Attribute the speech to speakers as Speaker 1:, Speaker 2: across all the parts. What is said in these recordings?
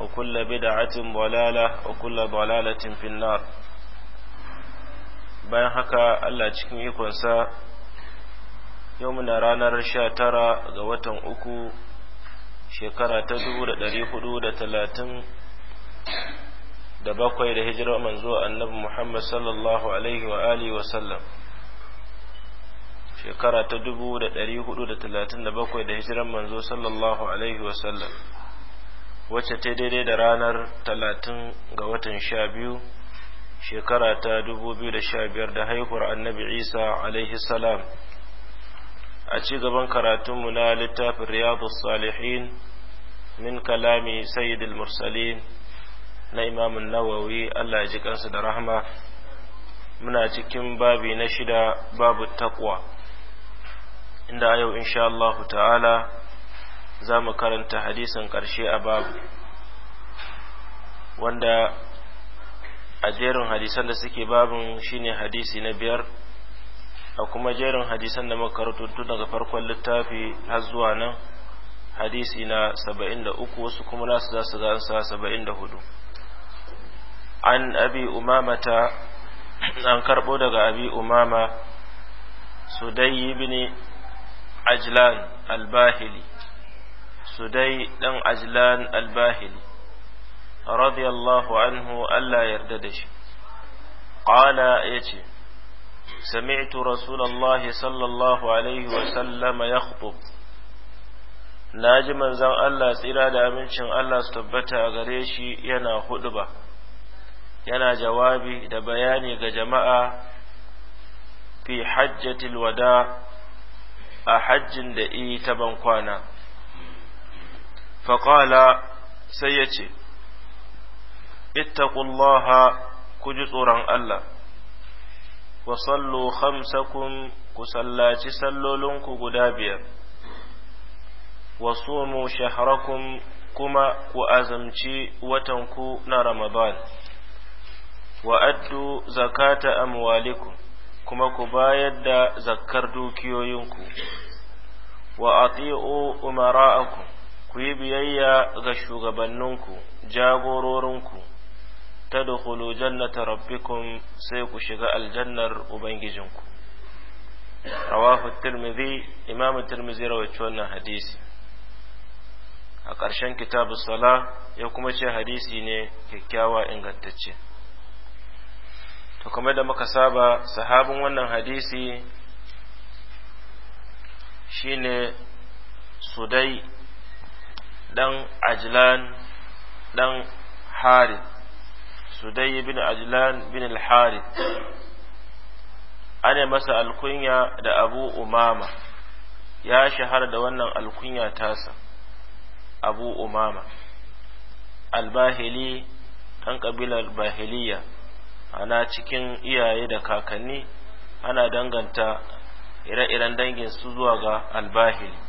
Speaker 1: وكل بدعة ضلالة وكل ضلالة في النار bayan haka Allah cikin ikonsa yau muna ranar sha tara ga watan uku shekara ta dubu da ɗari hudu da talatin da bakwai da hijirar manzo annabi Muhammad sallallahu alaihi wa alihi wa sallam shekara ta dubu da ɗari hudu da talatin da bakwai da hijirar manzo sallallahu alaihi wa sallam wacce ta daidai da ranar talatin ga watan sha biyu shekara ta dubu biyu da sha biyar da haihuwar annabi isa alaihi salam a ci gaban karatunmu na littafin riyadu salihin min kalami sayyidul mursalin na imamun nawawi allah ya ji kansu da rahama muna cikin babi na shida babu takwa inda a yau insha Allah ta'ala za mu karanta hadisin ƙarshe a babu wanda a jerin hadisan da suke babin shine hadisi na biyar a kuma jerin hadisan da makarantuntu daga farkon littafi har zuwa nan hadisi na saba'in da uku wasu kuma nasu za su gansa saba'in da hudu an abi umamata an karɓo daga abi umama su sudayi bini ajlan albahili sudai ɗan ajlan albahili radiyallahu anhu Allah yarda da shi ƙala ya ce sami'tu Rasulallah sallallahu alaihi wasallama ya na ji manzan Allah tsira da amincin Allah su tabbata gare shi yana huɗuba, yana jawabi da bayani ga jama'a fi hajjatil wada a hajjin da i ta bankwana faƙala sai ya ce ittaqullaha ku ji tsoron Allah wa sallu khamsakum ku sallaci sallolinku guda biyar wa sumu shahrakum kuma ku azumci watanku na Ramadan wa addu zakata amwalikum kuma ku bayar da zakkar dukiyoyinku wa ati'u umara'akum ku yi biyayya ga shugabanninku jagororinku ta dukulu jannata rabbikum sai ku shiga aljannar ubangijinku rawahu tirmidhi imamu tirmidhi rawaci wannan hadisi a ƙarshen kitabu sala ya kuma ce hadisi ne kyakkyawa ingantacce to da muka saba sahabin wannan hadisi shine sudai ɗan ajlan ɗan harith sudai bin ajlan bin al-harith ana masa alkunya da abu umama ya shahara da wannan alkunya tasa abu umama albahili ɗan ƙabilar bahiliya ana cikin iyaye da kakanni ana danganta ire-iren dangin su zuwa ga albahili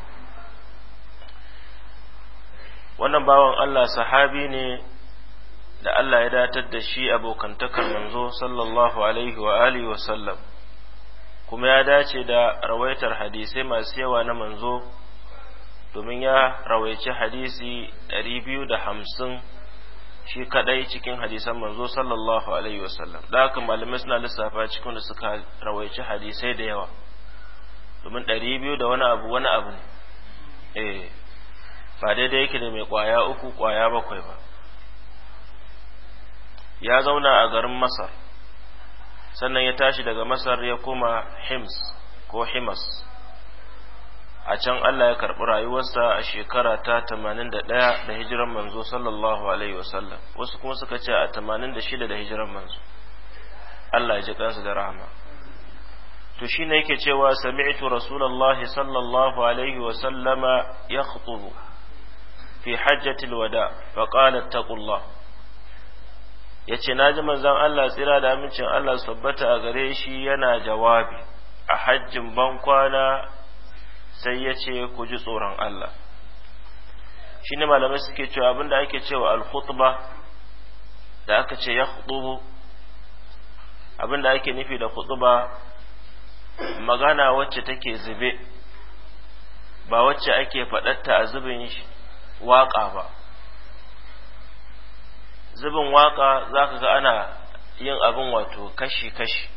Speaker 1: wannan bawan Allah sahabi ne da Allah ya datar da shi abokantakar manzo sallallahu alaihi wa alihi wa sallam kuma ya dace da rawaitar hadisai masu yawa na manzo domin ya rawaici hadisi 250 shi kadai cikin hadisan manzo sallallahu alaihi wa sallam da haka malamai suna lissafa cikin da suka rawaici hadisai da yawa domin 200 da wani abu wani abu ne eh ba daidai yake da mai kwaya uku kwaya bakwai ba ya zauna a garin masar sannan ya tashi daga masar ya kuma hims ko himas a can allah ya karɓi rayuwarsa a shekara ta 81 da hijiran manzo sallallahu alaihi wasallam wasu kuma suka ce a 86 da hijiran manzo allah ya ji kansu da rahama to shine yake cewa sami'tu rasulullahi sallallahu alaihi wasallama ya khutubu fi hajjatil wada fa qala taqullah yace naji manzon Allah tsira da amincin Allah tabbata a gare shi yana jawabi a hajjin ban kwana sai yace ku ji tsoron Allah shine malamai suke cewa abinda ake cewa al khutba da aka ce khutubu abinda ake nufi da khutba magana wacce take zube ba wacce ake faɗatta a zubin waƙa ba zubin waƙa za ka ga ana yin abin wato kashi-kashi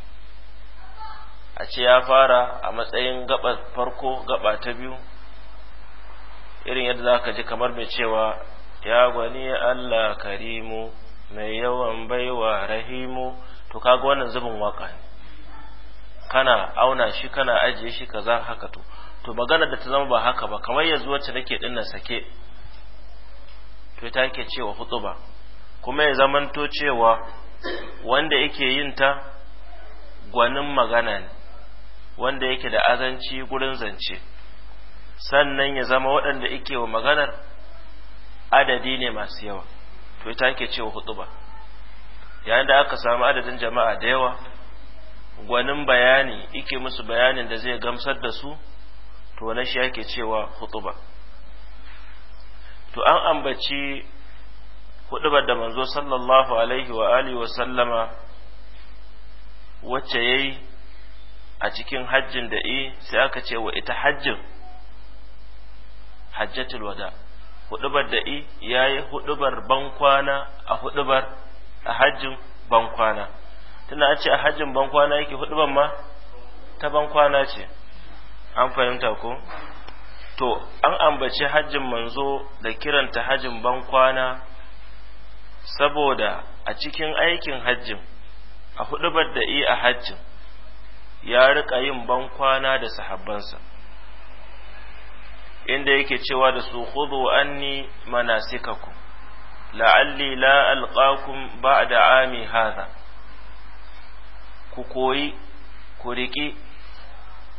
Speaker 1: a ce ya fara a matsayin gaba farko gaba ta biyu irin yadda za ka ji kamar mai cewa ya gwani Allah karimu mai yawan baiwa rahimu to kaga wannan zubin waka ne kana auna shi kana ajiye shi kaza haka to to magana da ta zama ba haka ba kamar yanzu wacce nake dinnan sake to ita yake cewa hutuba kuma ya zamanto cewa wanda yake yin ta gwanin magana ne wanda yake da azanci gurin zance sannan ya zama waɗanda yake wa maganar adadi ne masu yawa to ita yake cewa hutuba yayin da aka samu adadin jama'a da yawa gwanin bayani ike musu bayanin da zai gamsar da su to na shi yake cewa hutuba to an ambaci hudubar da manzo sallallahu alaihi wa alihi wa sallama wacce yayi a cikin hajjin da i sai aka ce wa ita hajjin hajjatul wada hudubar da i yayi hudubar bankwana a hudubar a hajjin bankwana tana a ce a hajjin bankwana yake hudubar ma ta bankwana ce an fahimta ko to an ambaci hajjin manzo da kiranta hajjin bankwana saboda a cikin aikin hajjin a hudubar da i a hajjin ya rika yin bankwana da sahabbansa inda yake cewa da su khudhu anni manasikakum la'alli la alqakum ba'da ami hadha ku koyi ku riƙi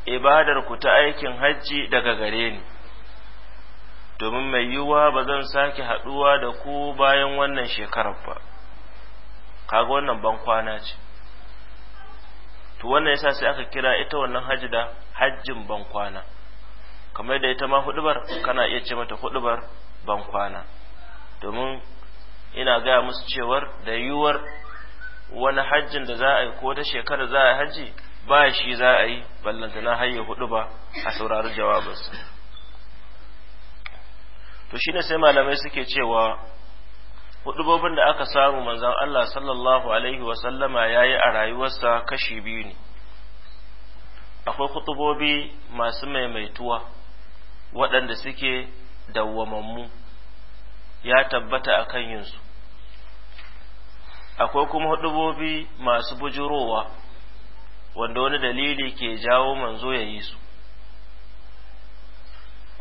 Speaker 1: ibadar ku ta aikin hajji daga gare ni domin mai yiwuwa ba zan sake haɗuwa da ku bayan wannan shekarar ba kaga wannan ban kwana ce to wannan yasa sai aka kira ita wannan hajji da hajjin ban kwana kamar da ita ma hudubar kana iya ce mata hudubar ban kwana domin ina gaya musu cewar da yiwuwar wani hajjin da za a yi ko ta shekara za a yi hajji ba shi za a yi ballantana har hudu ba a saurari jawabinsu. to shi ne sai malamai suke cewa hudubobin da aka samu manzon Allah sallallahu alaihi wa sallama yayi a rayuwarsa kashi biyu ne akwai huɗubobi masu maimaituwa waɗanda suke dawwamammu ya tabbata a kan yinsu akwai kuma hudubobi masu bujurowa wanda wani dalili ke jawo manzo ya yi su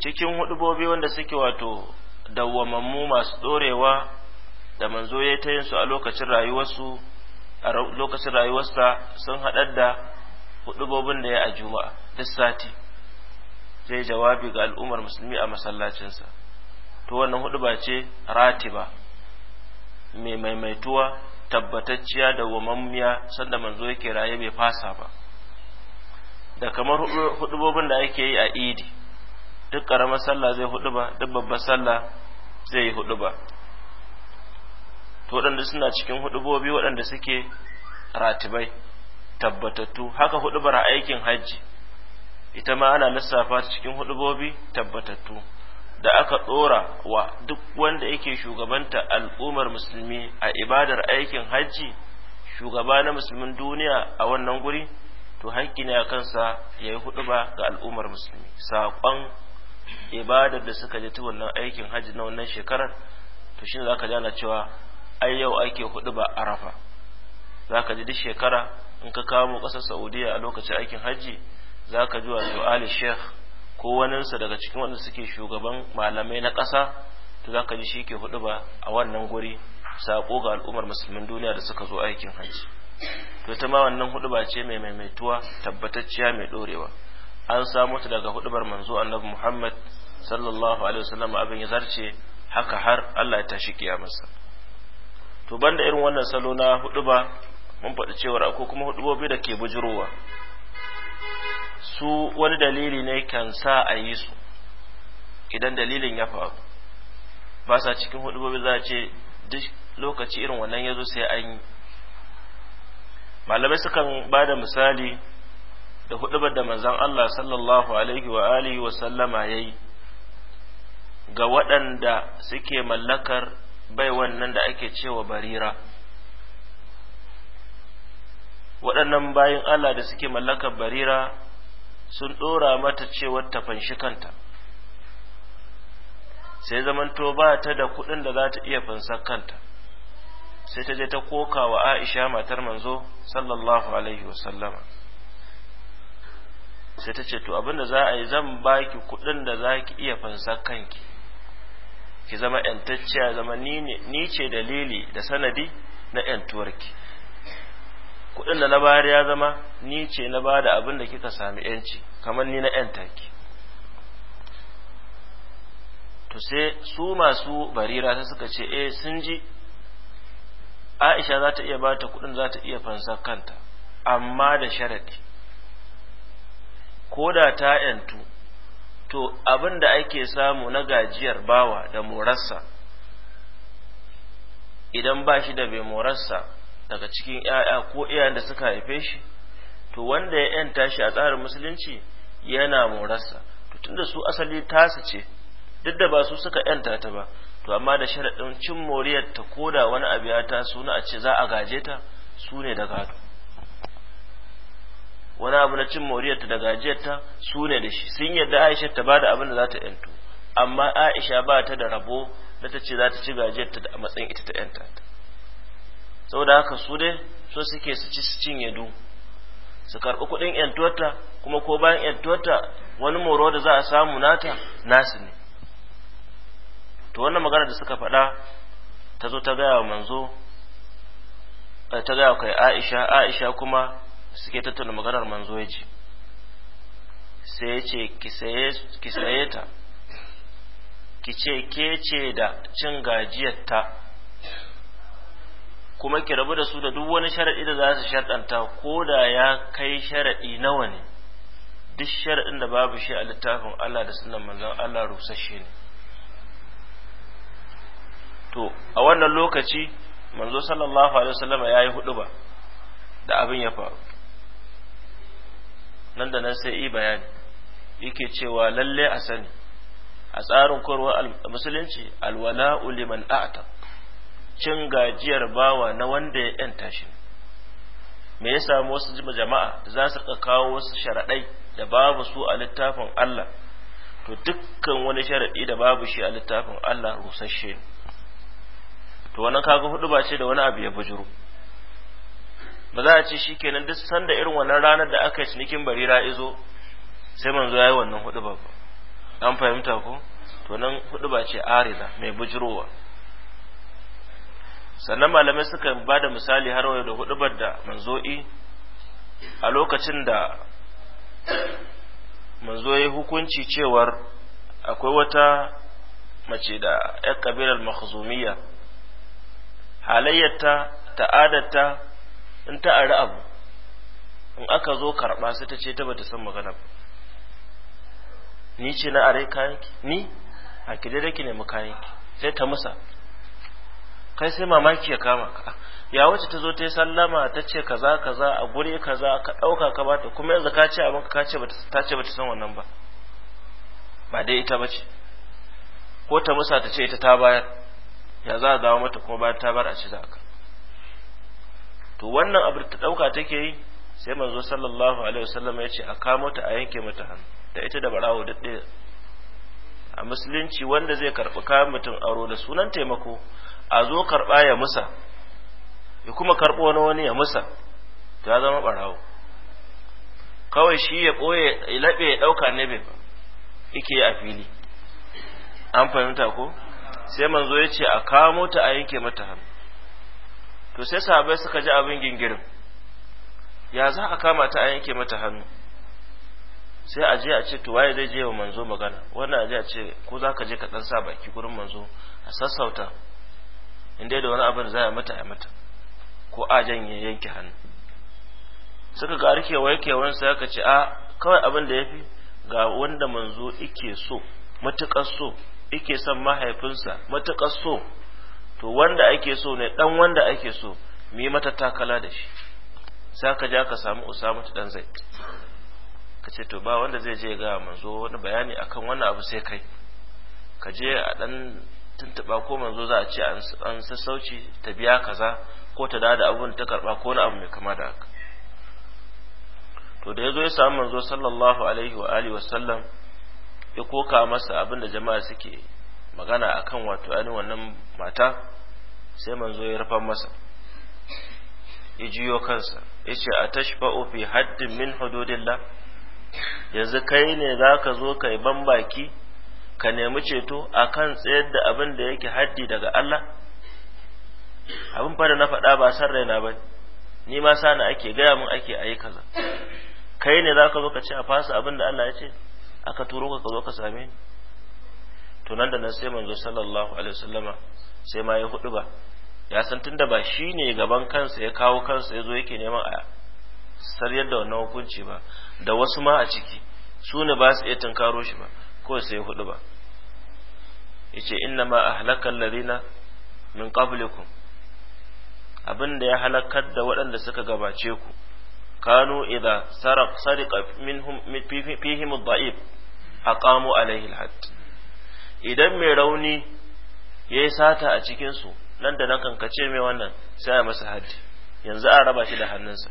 Speaker 1: cikin hudubobi wanda suke wato dawwamammu masu dorewa da manzo ya ta yin su a lokacin rayuwarsu a lokacin rayuwarsa sun haɗar da hudubobin da ya a juma'a duk sati zai jawabi ga al'ummar musulmi a masallacinsa to wannan ba ce ratiba mai maimaituwa tabbatacciya da wamammiya sanda manzo yake raye bai fasa ba da kamar hudubobin da ake yi a idi duk ƙaramar sallah zai hudu ba duk babbar sallah zai yi hudu ba to waɗanda suna cikin hudubobi waɗanda suke ratibai tabbatattu haka hudubar aikin hajji ita ma ana lissafa cikin hudubobi tabbatattu da aka ɗora wa duk wanda yake shugabanta al'ummar musulmi a ibadar aikin hajji shugaba na musulmin duniya a wannan guri to hakki ne a kansa ya yi hudu ga al'ummar musulmi saƙon ibadar da suka ji ta wannan aikin hajji na wannan shekarar to shine zaka ji ana cewa ai yau ake hudu ba arafa zaka ji duk shekara in ka kawo kasar saudiya a lokacin aikin hajji zaka ji wato ali sheikh ko waninsa daga cikin wanda suke shugaban malamai na ƙasa to zaka ji shi ke hudu ba a wannan guri sako ga al'ummar musulmin duniya da suka zo aikin hajji to ta ma wannan hudu ba ce mai maimaituwa tabbatacciya mai dorewa an samu ta daga hudubar manzo annabi Muhammad sallallahu alaihi wasallam abin ya zarce haka har Allah ya tashi kiyamarsa to banda irin wannan salo na huduba mun faɗi cewar akwai kuma hudubobi da ke bujurowa su wani dalili ne kan sa a yi su idan dalilin ya faru ba sa cikin hudubobi za a ce duk lokaci irin wannan ya zo sai an yi malamai sukan ba da misali da hudubar da manzon Allah sallallahu alaihi wa alihi wa sallama yayi ga waɗanda suke mallakar bai wannan da ake cewa barira waɗannan bayin Allah da suke mallakar barira sun ɗora mata cewar ta fanshi kanta sai zamanto ba ta da kuɗin da za ta iya fansar kanta sai ta je ta koka wa aisha matar manzo sallallahu alaihi wasallama sai ta ce to abinda za a yi zan baki kuɗin da za ki iya fansar kanki ki zama ‘yantacciya zama ni ce dalili da sanadi na ‘yantuwarki kuɗin da na bayar ya zama ni ce na ba da abin kika sami ‘yanci kamar ni na ki to sai su masu barira ta suka ce eh sun ji aisha za ta iya ba ta kuɗin za ta iya fansa kanta amma da sharadi ko da ta yantu to abin da ake samu na gajiyar bawa da morarsa idan ba shi da bai morarsa daga cikin ‘ya'ya ko iyayen da suka haife shi to wanda ya ‘yanta shi a tsarin musulunci yana morarsa to tunda su asali tasa ce duk da ba su suka ‘yanta ta ba to amma da sharaɗin cin moriyar ta koda wani abu ya taso na a ce za a gaje ta su ne da gado wani abu na cin moriyarta da gajiyarta su ne da shi sun yadda aisha ta ba da abin da za ta yanto amma aisha ba ta da rabo da ta ce za ta ci gajiyarta a matsayin ita ta yanta ta saboda haka su dai so suke su ci su cinye du su karɓi kuɗin yantuwarta kuma ko bayan yantuwarta wani moro da za a samu nata nasu ne to wannan magana da suka faɗa ta zo ta gaya wa manzo ta gaya kai aisha aisha kuma suke tattauna maganar manzo ya ce sai ya ce ki saye ta ki ce ke ce da cin gajiyarta kuma ki rabu da su da duk wani sharaɗi da za su sharɗanta ko da ya kai sharaɗi nawa ne duk sharaɗin da babu shi a littafin Allah da sunan manzon Allah rusashe ne to a wannan lokaci manzo sallallahu alaihi wasallama yayi hudu ba da abin ya faru nan da nan sai yi bayani yake cewa lalle a sani a tsarin korwa musulunci alwala uliman ata cin gajiyar bawa na wanda ya yanta shi me ya samu wasu jama'a za su kawo wasu sharaɗai da babu su a littafin Allah to dukkan wani sharaɗi da babu shi a littafin Allah rusasshe to wannan kaga hudu ba ce da wani abu ya bujuru ba za a ce shi kenan duk sanda irin wannan ranar da aka yi cinikin barira izo sai manzo ya yi wannan hudu ba an fahimta ko to nan hudu ba ce arida mai bujirowa sannan malamai suka ba da misali har wani da hudubar da manzo'i a lokacin da manzo ya hukunci cewar akwai wata mace da 'yan kabilar makhzumiyya halayyarta ta'adatta in ta ari abu in aka zo karɓa sai ta ce ta bata san magana ba ni ce na are kayanki ni a ki dai ki nemi kayanki sai ta musa kai sai mamaki ya kama ka ah, ya wacce ta zo ta yi sallama ta ce kaza kaza a guri kaza ka ɗauka ka bata kuma yanzu ka ce abin ka ce ta ce bata san wannan ba ba dai ita bace ko ta musa ta ce ita ta bayar ya za a dawo mata kuma bayan ta bar a ci za ka to wannan abu ta dauka take yi sai manzo sallallahu alaihi wasallam ya ce a kamo ta a yanke mata hannu da ita da barawo da ɗaya a musulunci wanda zai karɓi kayan mutum aro da sunan taimako a zo karɓa ya musa ya kuma karɓo wani wani ya musa ta zama barawo kawai shi ya ɓoye laɓe ya ɗauka ne bai ba ike a fili an fahimta ko sai manzo ya ce a kamo ta a yanke mata hannu to sai sahabbai suka ji abin gingirin ya za a kama ta a yanke mata hannu sai a je a ce to waye zai je wa manzo magana wannan a je a ce ko za ka je ka dan sa baki gurin manzo a sassauta inda da wani abin za a mata a mata ko a janye yanke hannu suka ga rike arkewa kewan sai aka ce a kawai abin da yafi ga wanda manzo ike so matukar so ike son mahaifinsa matukar so to wanda ake so ne dan wanda ake so mu yi mata takala da shi sai ka ja ka samu usama ta dan zai ka ce to ba wanda zai je ga manzo wani bayani akan wannan abu sai kai ka je a dan tuntuba ko manzo za a ce an sassauci ta biya kaza ko ta da abun ta karba ko wani abu mai kama da haka to da yazo ya samu manzo sallallahu alaihi wa alihi sallam ya koka masa abinda jama'a suke magana akan wato ainihin wannan mata sai manzo ya rufa masa ya jiyo kansa ya ce a tashfa'u fi haddin min hududillah yanzu kai ne za ka zo kai ban baki ka nemi ceto a kan tsayar da abin da yake haddi daga Allah abin fa na faɗa ba san raina ba ni ma sana ake gaya min ake ayi kaza kai ne za ka zo ka ce a fasa abin da Allah ya ce aka turo ka zo ka same ni to nan da nan sai manzo sallallahu alaihi wasallama sai ma ya hudu ba ya san tunda ba shi gaban kansa ya kawo kansa ya zo yake neman a saryar da wannan hukunci ba da wasu ma a ciki su ne ba su iya tunkaro shi ba ko sai ya hudu ba yace inna ma ahlakal ladina min qablikum abin da ya halakar da waɗanda suka gabace ku kanu idza sarq sariqa minhum fihim ad aqamu alaihi al idan mai rauni ya yi sata a cikinsu nan da nan kankace mai wannan sai a masa haddi yanzu a raba shi da hannunsa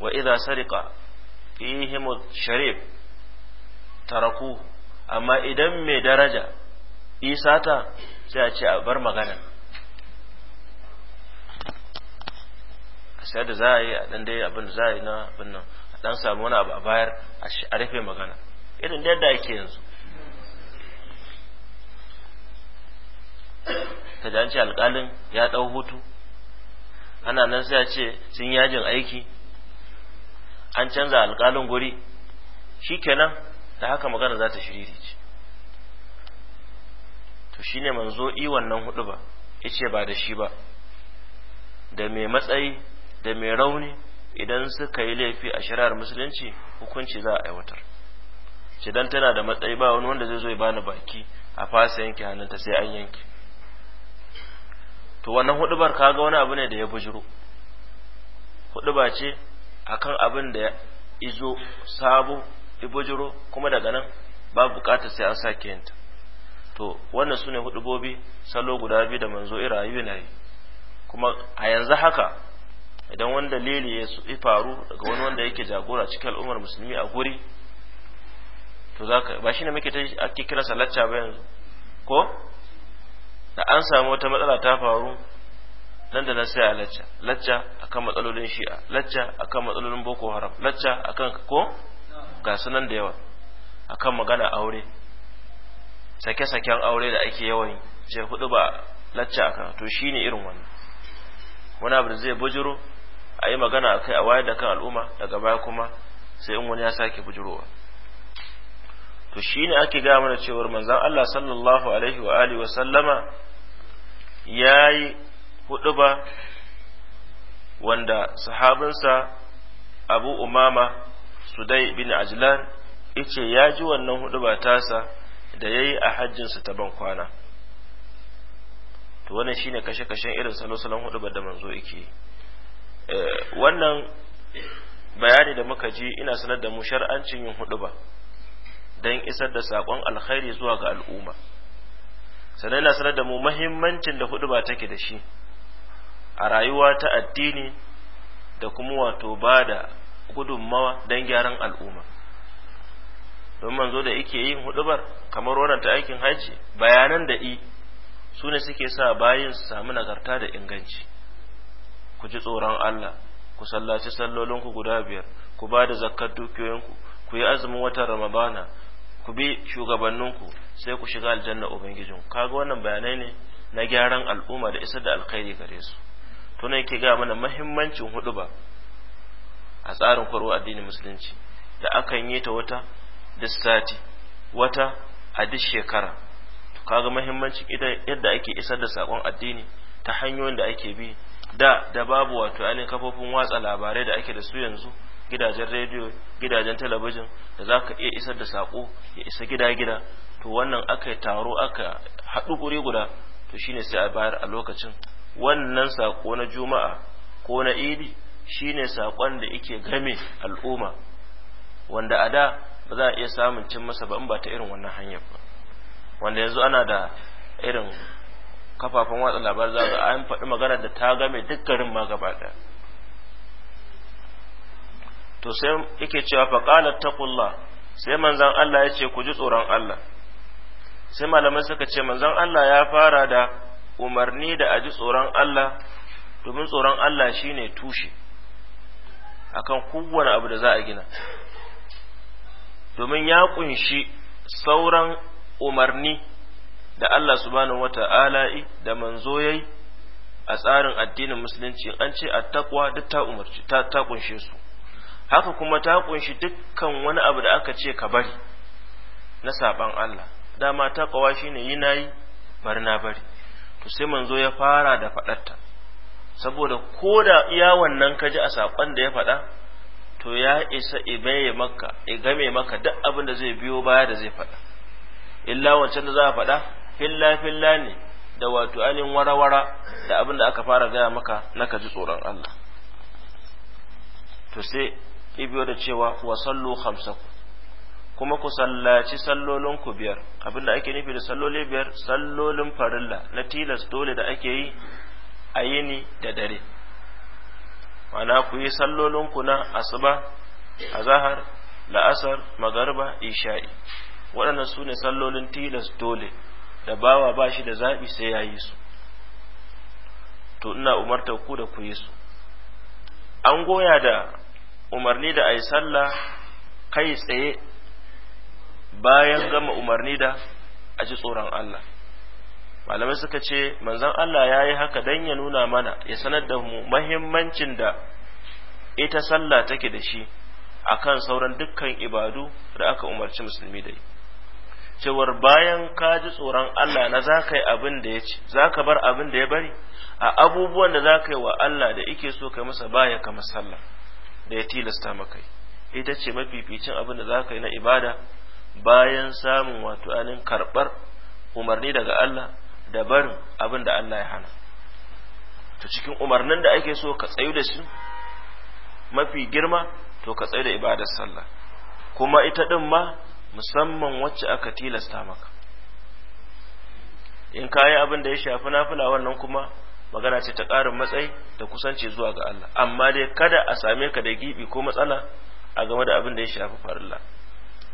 Speaker 1: wa idza sariqa fihim sharif taraku amma idan mai daraja sata sai a ce a bar magana sai da za a yi a dan dai abin da za a yi na abin nan a dan samu wani abu a bayar a rufe magana irin da yadda ake yanzu ta an ce alƙalin ya ɗau hutu ana nan sai a ce sun yajin aiki an canza alƙalin guri shi kenan da haka magana za ta shiriri ce to ne manzo i wannan hudu ba ice ba da shi ba da mai matsayi da mai rauni idan suka yi laifi a shirar musulunci hukunci za a aiwatar ce dan tana da matsayi ba wani wanda zai zo ya bani baki a fasa yanke hannunta sai an yanke to wannan hudubar kaga wani abu ne da ya bujiro huduba ce akan abin da ya izo sabo ibujiro kuma daga nan ba bukatar sai an sake yinta to wannan sune hudubobi salo guda biyu da manzo irayu na yi kuma a yanzu haka idan wani dalili ya faru daga wani wanda yake jagora cikin al'ummar musulmi a guri to zaka ba shi ne muke ta ake kira salacca ba yanzu ko da an samu wata matsala ta faru nan da na sai a lacca lacca akan matsalolin shi'a lacca akan matsalolin boko haram lacca akan ko ga nan da yawa akan magana aure sake-saken aure da ake yawan ce hudu ba lacca akan to shine irin wannan wani abu da zai bujiro a yi magana a kai a wayar da kan al'umma daga baya kuma sai in wani ya sake bujirowa to shine ake gaya mana cewar manzon Allah sallallahu alaihi wa alihi wa sallama ya yi huɗuba wanda sahabinsa abu umama sudai bin ajlan ice ya ji wannan huɗuba tasa da ya yi a hajjinsa ta ban kwana to wannan shine kashe-kashen irin salo-salon huɗuba da manzo yake eh, wannan bayani da muka ji ina sanar da mu shar'ancin yin huɗuba don isar da saƙon alkhairi zuwa ga al'umma sannan yana sanar da mu muhimmancin da hudu ba take da shi a rayuwa ta addini da kuma wato ba da gudunmawa don gyaran al'umma don manzo da ike yin hudubar kamar wannan ta aikin hajji bayanan da i su ne suke sa bayin su samu nagarta da inganci ku ji tsoron Allah ku sallaci sallolinku guda biyar ku ba da zakkar dukiyoyinku ku yi azumin watan ramadana ku bi shugabanninku sai ku shiga aljanna ubangijin kaga wannan bayanai ne na gyaran al'umma da isar da alkhairi gare su to ne yake ga mana muhimmancin hudu ba a tsarin kwaro addinin musulunci da akan yi ta wata duk wata a duk shekara to kaga muhimmancin yadda ake isar da sakon addini ta hanyoyin da ake bi da da babu wato ainihin kafofin watsa labarai da ake da su yanzu gidajen rediyo gidajen talabijin da za ka iya isar da saƙo ya isa gida-gida to wannan aka taro aka haɗu guri guda to shine sai a bayar a lokacin wannan saƙo na juma'a ko na idi shine saƙon da yake game al'umma wanda a da ba za a iya samun cin masa ba in ba ta irin wannan hanyar ba wanda yanzu ana da irin kafafen watsa labar za a an faɗi magana da ta game duk garin ma gaba ɗaya to sai yake cewa fa qala taqullah sai manzon Allah ya ce ku ji tsoron Allah sai malaman suka ce manzon Allah ya fara da umarni da aji tsoron Allah domin tsoron Allah shine tushe akan kowane abu da za a gina domin ya kunshi sauran umarni da Allah subhanahu wata'ala da manzo yayi a tsarin addinin musulunci an ce a takwa duk ta umarci ta kunshe su haka kuma ta kunshi dukkan wani abu da aka ce ka bari na saban Allah dama ta kawa ne yi nayi bari na bari to sai manzo ya fara da ta, saboda ko da iya wannan ka ji a sakon da ya faɗa to ya isa ibaye maka game maka duk abin da zai biyo baya da zai faɗa illa wancan da za a faɗa filla filla ne da wato ainihin warawara da abin da aka fara gaya maka naka ji tsoron Allah to sai ibiyo da cewa wa sallu khamsakum kuma ku sallaci sallolin biyar abinda ake nufi da salloli biyar sallolin farilla na tilas dole da ake yi a yini da dare mana ku yi sallolin ku na asuba azahar la'asar magarba isha'i waɗannan su ne sallolin tilas dole da bawa ba shi da zaɓi sai ya yi su to ina umartar ku da ku yi su an goya da umarni da a yi sallah kai tsaye bayan gama umarni da a ji tsoron Allah malamai suka ce manzon Allah ya yi haka don ya nuna mana ya sanar da mu mahimmancin da ita sallah take da shi akan sauran dukkan ibadu da aka umarci musulmi da yi cewar bayan ka ji tsoron Allah na za ka abin da ya ci za ka bar abin da ya bari a abubuwan da za ka wa Allah da ike so kai masa baya kamar sallah da ya tilasta maka ita ce mafificin abin da za ka yi na ibada bayan samun wato anin karɓar umarni daga Allah da barin abin da Allah ya hana to cikin umarnin da ake so ka tsayu da shi mafi girma to ka tsayu da ibadar sallah kuma ita din ma musamman wacce aka tilasta maka in ka abin da ya shafi nafila wannan kuma magana ce ta ƙarin matsayi da kusanci zuwa ga Allah amma dai kada a same ka da gibi ko matsala a game da abin da ya shafi farilla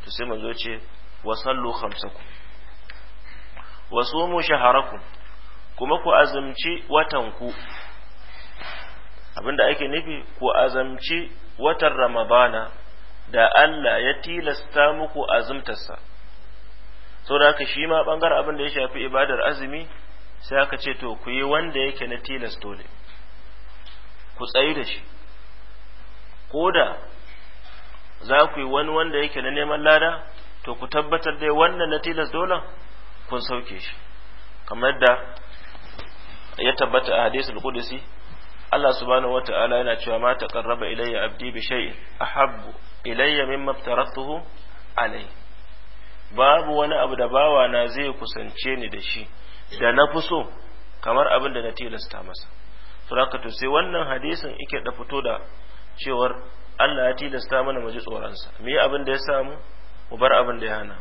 Speaker 1: to sai manzo ce wa sallu khamsakum wa sumu shaharakum kuma ku azumci watan ku abinda ake nufi ku azumci watan ramadana da Allah ya tilasta muku azumtarsa saboda haka shi ma bangar abin da ya shafi ibadar azumi sai aka ce to ku yi wanda yake na tilas dole ku tsayi da shi ko da za ku yi wani wanda yake na neman lada to ku tabbatar da wannan na tilas dole kun sauke shi kamar da ya tabbata a hadisul qudsi Allah subhanahu wata'ala yana cewa ma taqarraba ilayya abdi bi shay'in ahabbu ilayya mimma aftaratuhu alayhi babu wani abu da bawa na zai kusance ni da shi da na fi so kamar abin da na tilasta masa surakatu sai wannan hadisin ike da fito da cewar Allah ya tilasta mana mu ji tsoronsa mu yi abin da ya samu mu bar abin da ya hana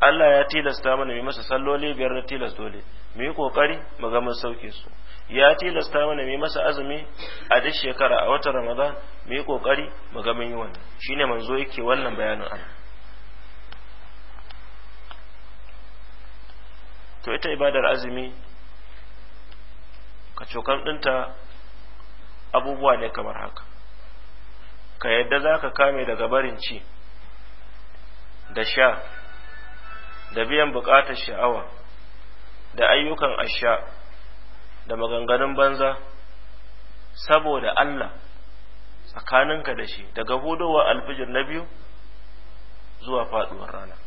Speaker 1: Allah ya tilasta mana mu masa salloli biyar na tilas dole mu yi kokari mu ga mun sauke su ya tilasta mana mu masa azumi a duk shekara a watan Ramadan mu yi kokari mu ga mun yi wannan shine manzo yake wannan bayanin Allah to ita ibadar azumi ka cokan ɗinta abubuwa ne kamar haka ka yadda za ka kame daga barin ci da sha da biyan buƙatar sha'awa da ayyukan asha da maganganun banza saboda Allah tsakaninka da shi daga hudowar alfijir na biyu zuwa faɗuwar rana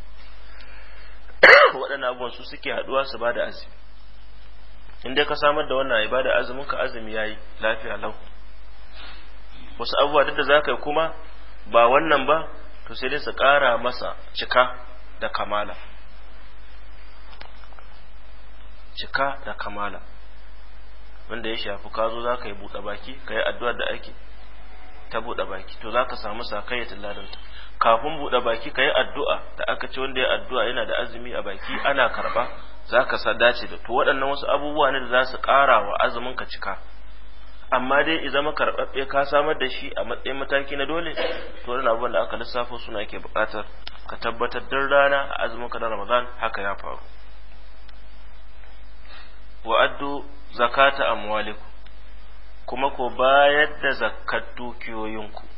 Speaker 1: waɗannan abubuwan su suke haɗuwa su bada azumi in dai ka samar da wannan ibada azumin ka azumi yayi lafiya lau wasu abubuwa duk da za ka yi kuma ba wannan ba to sai dai su ƙara masa cika da kamala cika da kamala wanda ya shafi ka zo za ka yi buɗe baki ka yi addu'ar da ake ta buɗe baki to za ka samu sakayyatin ladanta kafin buɗe baki ka yi addu'a da aka ce wanda ya addu'a yana da azumi a baki ana karɓa za ka sa dace da to waɗannan wasu abubuwa ne da za su ƙara wa azumin ka cika amma dai i zama karɓaɓɓe ka samar da shi a matsayin mataki na dole to wani abubuwan da aka lissafo suna ke buƙatar ka tabbatar don rana a azumin ka na ramadan haka ya faru wa addu zakata amwalikum kuma ko bayar da zakat dukiyoyinku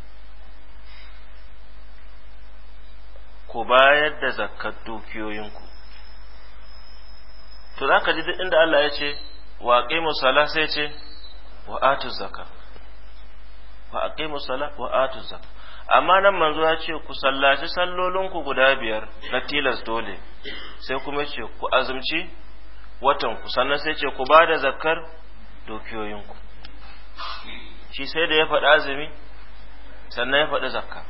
Speaker 1: ku bayar da zakat dukiyoyinku to za ka ji duk inda Allah ya ce wa aqimu sala sai ce wa atu zakka wa aqimu sala wa atu zakka amma nan manzo ya ce ku sallaci sallolinku guda biyar na tilas dole sai kuma ce ku azumci watan ku sannan sai ce ku bada zakkar dukiyoyinku shi sai da ya faɗa azumi sannan ya faɗi zakka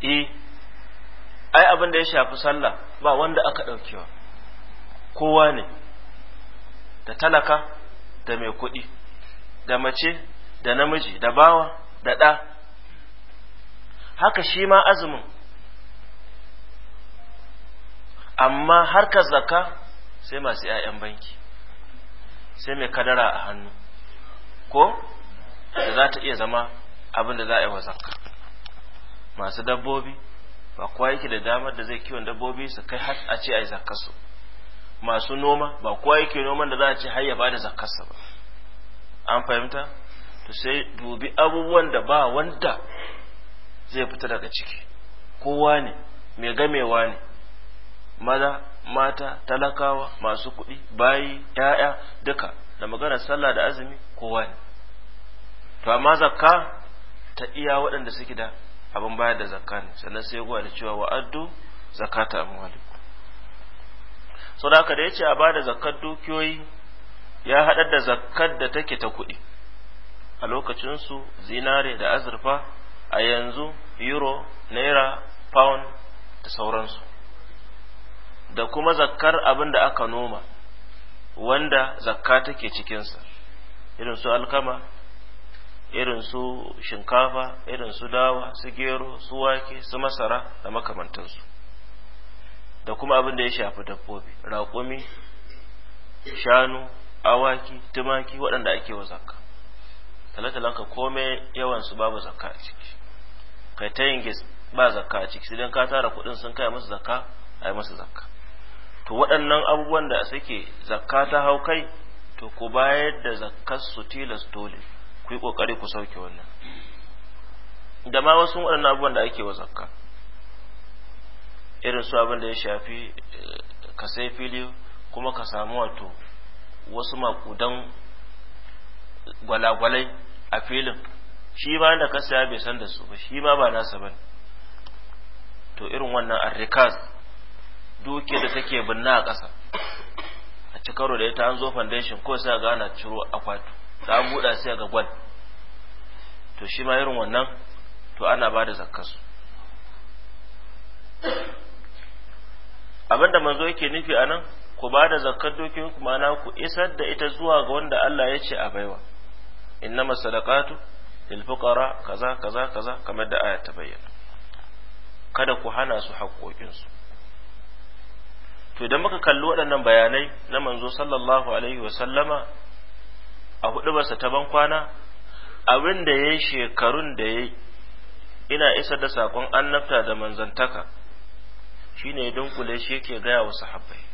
Speaker 1: eh ai abin da ya shafi sallah ba wanda aka ɗaukewa kowa ne da talaka da mai kuɗi da mace da namiji da bawa da ɗa haka shi ma azumin amma harkar zakka sai masu 'ya'yan banki sai mai kadara a hannu ko da za ta iya zama abin da za a yi wa zakka masu dabbobi ba kowa yake da damar da zai kiwon dabbobi su kai har a ce a yi zakkarsu masu noma ba kowa yake noman da za a ce har ya ba da zakkarsa ba an fahimta to sai dubi abubuwan da ba wanda zai fita daga ciki kowa ne mai gamewa ne maza mata talakawa masu kuɗi bayi ya'ya duka da magana sallah da azumi kowa ne to amma zakka ta iya waɗanda suke da abin bayar da zakka ne sannan sai ya da cewa wa'addu zakata amwalikum so da haka da yace a ba da zakkar dukiyoyi ya haɗa da zakkar da take ta kuɗi a lokacinsu zinare da azurfa a yanzu euro naira pound da sauransu da kuma zakkar abin da aka noma wanda zakka take cikinsa irin su alkama irin su shinkafa irin su dawa su gero su wake su masara da makamantansu da kuma abin da ya shafi dabbobi raƙumi shanu awaki tumaki waɗanda ake wa zakka talatalanka komai yawansu babu zakka a ciki kai ta yin ba zakka a ciki idan ka tara kuɗin sun kai masu zakka a yi masu zakka to waɗannan abubuwan da suke zakka ta hau kai to ku bayar da zakkar su tilas dole ku yi ƙoƙari ku sauke wannan da ma wasu waɗannan abubuwan da ake wa irin su abin da ya shafi eh, ka sai fili kuma ka samu wato wasu makudan gwalagwalai a filin shi ma da ka saya bai san da su ba shi ma ba nasa ba to irin wannan arrikas duke da take binna a ƙasa a cikaro da ita an zo foundation ko sai gana ciro akwatu da an buɗa sai ga gwal to shi ma irin wannan to ana ba da zakkarsu abinda manzo yake nufi a nan ku ba da zakkar dokin ku na ku isar da ita zuwa ga wanda Allah ya ce a baiwa inna masadaqatu lil fuqara kaza kaza kaza kamar da aya ta bayyana kada ku hana su su to idan muka kalli waɗannan bayanai na manzo sallallahu alaihi wa sallama a hudu basa ta bankwana abin da ya yi shekarun da ya yi ina isar da saƙon annabta da manzantaka shine dunkule shi yake gaya wa sahabbai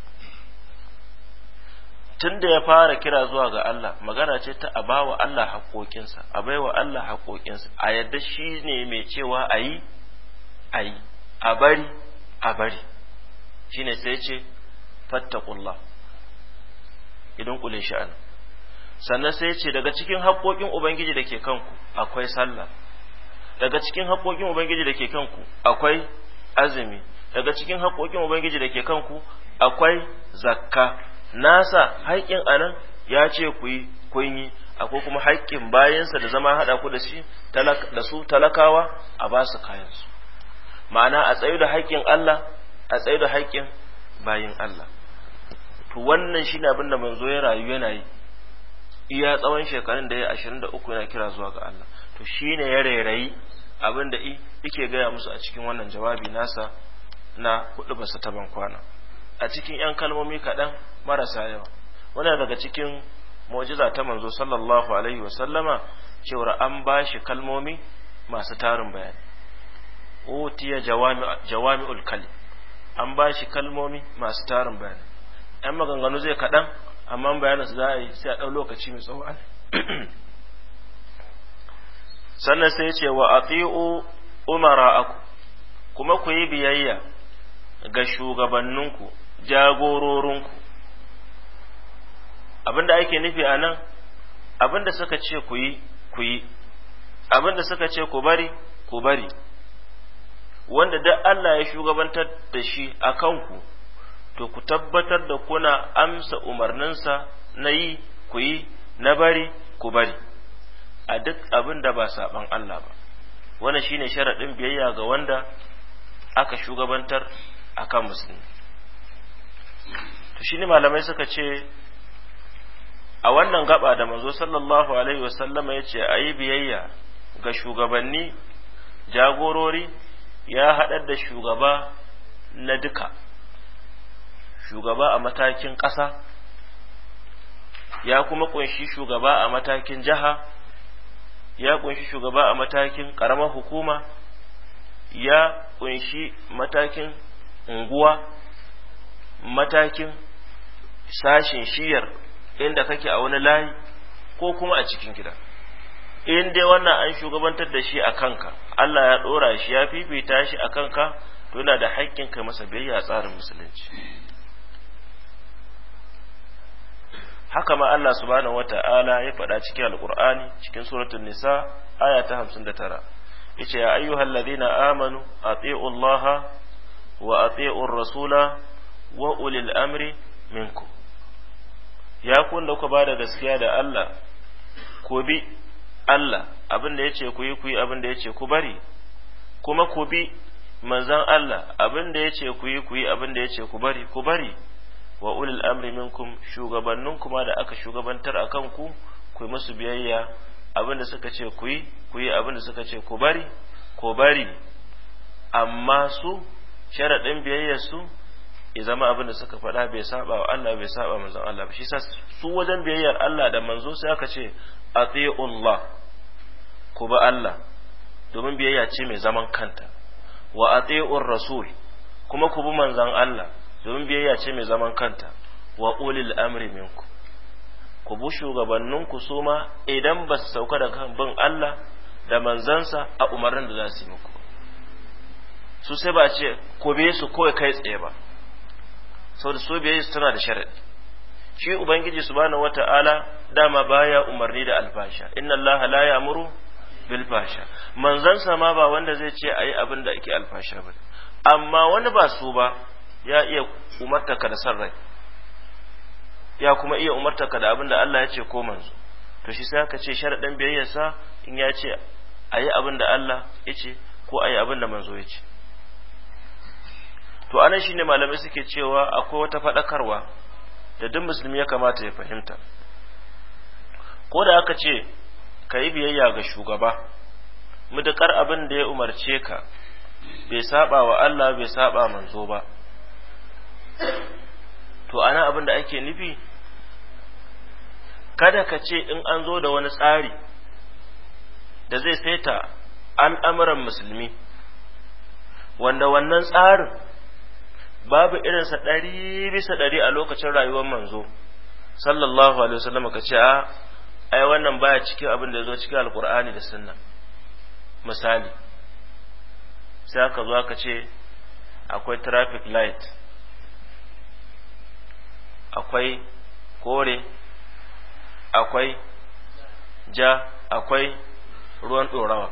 Speaker 1: tun da ya fara kira zuwa ga Allah magana ce ta a Allah haƙoƙinsa a baiwa Allah haƙoƙinsa a yadda shi ne mai cewa a yi a yi a bari a bari ne sai ce fattakullah idan kule shi ana sannan sai ce daga cikin haƙoƙin ubangiji da ke kanku akwai sallah daga cikin haƙoƙin ubangiji da ke kanku akwai azumi daga cikin haƙoƙin ubangiji da ke kanku akwai zakka nasa haƙƙin anan ya ce ku yi kun yi akwai kuma haƙƙin bayansa da zama haɗa ku da shi da su talakawa a ba su kayansu ma'ana a tsayu da haƙƙin Allah a tsayu da haƙƙin bayin Allah to wannan shine abin da manzo ya rayu yana yi iya tsawon shekarun da ya ashirin da yana kira zuwa ga Allah to shine ya rairayi abin da yake gaya musu a cikin wannan jawabi nasa na hudu basa ta bankwana a cikin yan kalmomi kaɗan marasa yawa wannan daga cikin mu'jiza ta manzo sallallahu alaihi wa sallama cewa an ba shi kalmomi masu tarin bayani utiya jawami'ul kalim an ba shi kalmomi masu tarin bayani yan maganganu zai kaɗan amma bayanin su za a yi sai a ɗau lokaci mai tsawo an sannan sai ce wa umara ku. kuma ku yi biyayya ga shugabanninku jagororinku abinda ake nufi a nan abinda suka ce ku yi ku yi abinda suka ce ku bari ku bari wanda duk Allah ya shugabantar da shi a kanku to ku tabbatar da kuna amsa umarninsa na yi ku yi na bari ku bari a duk abin da ba saban Allah ba wani shine sharaɗin biyayya ga wanda aka shugabantar a kan musulmi to shine malamai suka ce a wannan gaba da manzo sallallahu alaihi wasallama ya ce a yi biyayya ga shugabanni jagorori ya haɗar da shugaba na duka shugaba a matakin ƙasa ya kuma ƙunshi shugaba a matakin jiha ya ƙunshi shugaba a matakin ƙaramar hukuma ya ƙunshi matakin unguwa matakin sashin shiyar inda kake a wani layi ko kuma a cikin gida in dai wannan an shugabantar da shi a kanka Allah ya ɗora shi ya fifita shi a kanka to yana da haƙƙin kai masa biyayya tsarin musulunci haka ma Allah subhanahu wata'ala ya faɗa cikin alkur'ani cikin suratul nisa aya ta 59 yace ya ayyuhal ladina amanu ati'u Allah wa ati'u rasula wa ulil amri minkum ya kun da ku ba da gaskiya da Allah ku bi Allah abin da yace ku yi ku yi abin da yace ku bari kuma ku bi manzon Allah abin da yace ku yi ku yi abin da yace ku bari ku bari wa ulil amri minkum shugabannin kuma da aka shugabantar a kanku ku yi musu biyayya abin da suka ce ku yi ku yi abin suka ce ku bari ko bari amma su sharaɗin biyayya su ya zama abin suka faɗa bai saba wa Allah bai saba manzon Allah shi sa su wajen biyayyar Allah da manzo sai aka ce ati'ullah ku ba Allah domin biyayya ce mai zaman kanta wa ati'ur rasul kuma ku bi manzon Allah domin biyayya ce mai zaman kanta wa ulil amri minku ku bu shugabanninku su ma idan ba su sauka da kan bin Allah da manzansa a umarnin da za su yi muku su sai ba ce ku bi su kawai kai tsaye ba saboda su biyayya su tana da sharadi shi ubangiji subhanahu wata'ala dama baya umarni da alfasha inna allaha la ya'muru bil fasha manzansa ma ba wanda zai ce ayi abin da ake albasha ba amma wani ba su ba ya iya umartaka da san rai ya kuma iya umartaka da abin da Allah ya ce ko manzo to shi sai aka ce sharaɗin biyayyarsa in ya ce a yi abin da Allah ya ce ko a yi abin da manzo ya ce to anan shi ne malamai suke cewa akwai wata faɗakarwa da duk musulmi ya kamata ya fahimta ko da aka ce ka yi biyayya ga shugaba mudukar abin da ya umarce ka bai saba wa Allah bai saba manzo ba to ana abin da ake nufi kada ka ce in an zo da wani tsari da zai saita al'amuran musulmi wanda wannan tsarin babu irinsa ɗari bisa ɗari a lokacin rayuwar manzo sallallahu alaihi wasallam ka ce a ai wannan baya cikin abin da ya zo cikin alkur'ani da sunna misali sai aka zo ka ce akwai traffic light akwai kore akwai ja akwai ruwan ɗorawa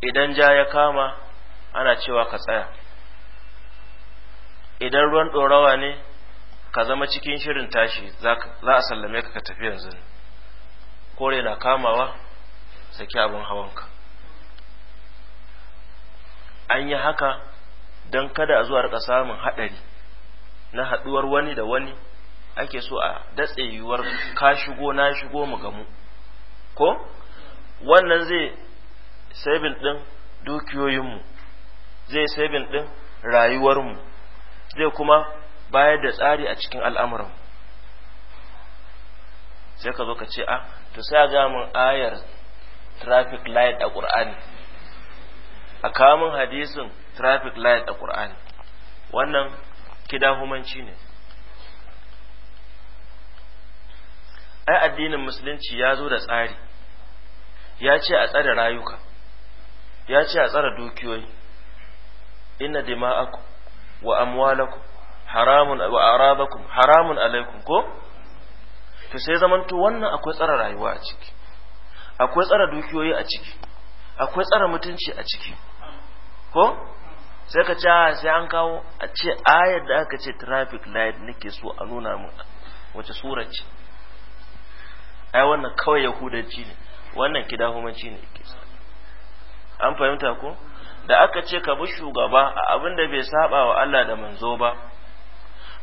Speaker 1: idan ja ya kama ana cewa ka tsaya idan ruwan ɗorawa ne ka zama cikin shirin tashi za a sallame ka ka tafi yanzu kore na kamawa saki abin hawanka an yi haka don kada a zuwa rika samun haɗari na haɗuwar wani da wani ake so a datse yiwuwar ka shigo na shigo mu gamu ko wannan zai sabin ɗin dukiyoyinmu zai sabin ɗin rayuwarmu zai kuma bayar da tsari a cikin al'amuran sai ka zo ka ce a ah, to sai ga mun ayar traffic light a ƙur'ani a kamun hadisin traffic light a ƙur'ani wannan kidahumanci ne ai addinin musulunci ya zo da tsari ya ce a tsare rayuka ya ce a tsare dukiyoyi inna dima'akum wa amwalakum haramun wa arabakum haramun alaikum ko to sai zaman to wannan akwai tsara rayuwa a ciki akwai tsara dukiyoyi a ciki akwai tsara mutunci a ciki ko sai ka ce ah, sai an kawo a ce ayar da aka ce traffic light nake so a nuna mu wace sura ce ai wannan kawai yahudanci ne wannan kidahumanci ne ke so. an fahimta ko da aka ce ka bi shugaba a abin da bai saba wa Allah da manzo ba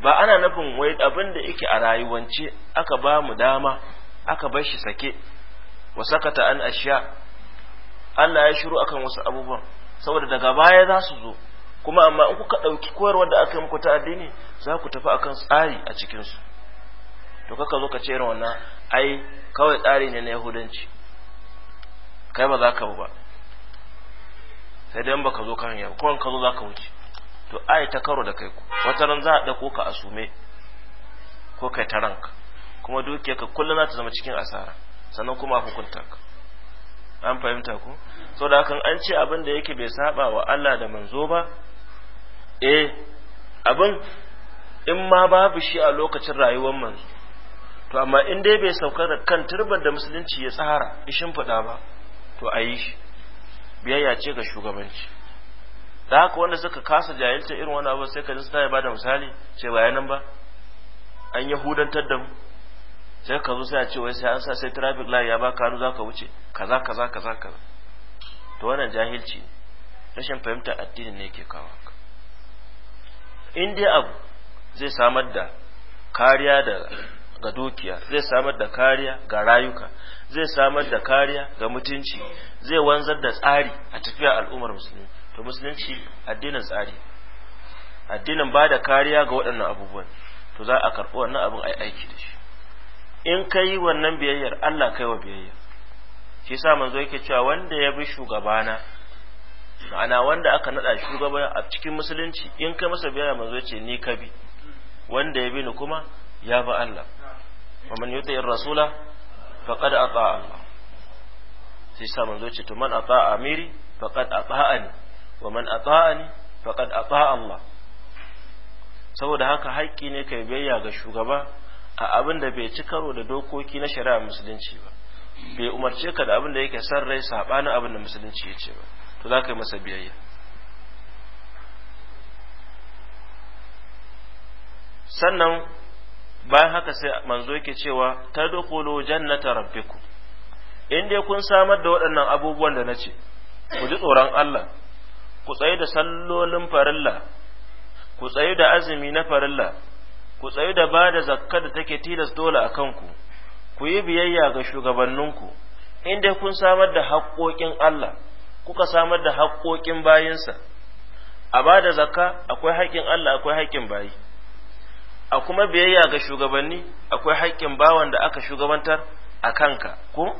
Speaker 1: ba ana nufin wai abin da yake a rayuwance aka ba mu dama aka bar shi sake wa sakata an ashiya Allah ya shiru akan wasu abubuwan saboda daga baya za su zo kuma amma in kuka ɗauki koyarwar da aka yi muku ta addini za ku tafi akan tsari a cikinsu to kaka zo ka ce irin wannan ai kawai tsari ne na yahudanci kai ba za ka ba sai dai ka zo kan yau kuma ka zo za ka wuce to ai ta karo da kai ku wata ran za a ɗauko ka a sume ko kai ta ranka kuma dukiyar ka kullum za ta zama cikin asara sannan kuma a hukunta ka an fahimta ku saboda kan an ce abin da yake bai saba wa Allah da manzo ba eh abin in ma babu shi a lokacin rayuwar man to amma in dai bai sauka da kan turban da musulunci ya tsara ishin fada ba to a yi biyayya ce ga shugabanci da haka wanda suka kasa jahilta irin wani abu sai ka ji ya bada misali ce ba yanan ba an yahudantar da mu sai ka zo sai a ce wai sai an sa sai traffic light ya baka hannu zaka wuce kaza kaza kaza kaza to wannan jahilci rashin fahimtar addinin ne ke kawo in dai abu zai samar da kariya ga dukiya zai samar da kariya ga rayuka zai samar da kariya ga mutunci zai wanzar da tsari a tafiya al'ummar musulmi to musulunci addinin tsari addinin ba da kariya ga waɗannan abubuwan to za a karɓi wannan abin a aiki da shi in ka yi wannan biyayyar Allah kai wa biyayya shi sa manzo yake cewa wanda ya bi shugabana ma'ana wanda aka nada shugaba a cikin musulunci in kai masa biyayya manzo yace ni ka bi wanda ya bi ni kuma ya bi Allah wa man yuti rasula faqad ata'a Allah sai sa manzo yace to man ata'a amiri faqad ata'ani wa man ata'ani faqad ata'a Allah saboda haka haƙƙi ne kai biyayya ga shugaba a abin da bai ci karo da dokoki na shari'a musulunci ba bai umarce ka da abin da yake san rai sabanin abin da musulunci ya ce ba to za ka yi masa biyayya sannan bayan haka sai manzo yake cewa ta dukulu jannata rabbiku in dai kun samar da waɗannan abubuwan da na ce ku ji tsoron Allah ku tsaye da sallolin farilla ku tsayi da azumi na farilla ku tsayu da ba da zakka da take tilas dole a kanku ku yi biyayya ga shugabanninku in dai kun samar da haƙoƙin Allah kuka samar da haƙoƙin bayinsa a ba da zakka akwai haƙƙin Allah akwai haƙƙin bayi a kuma biyayya ga shugabanni akwai haƙƙin bawan da aka shugabantar a kanka ko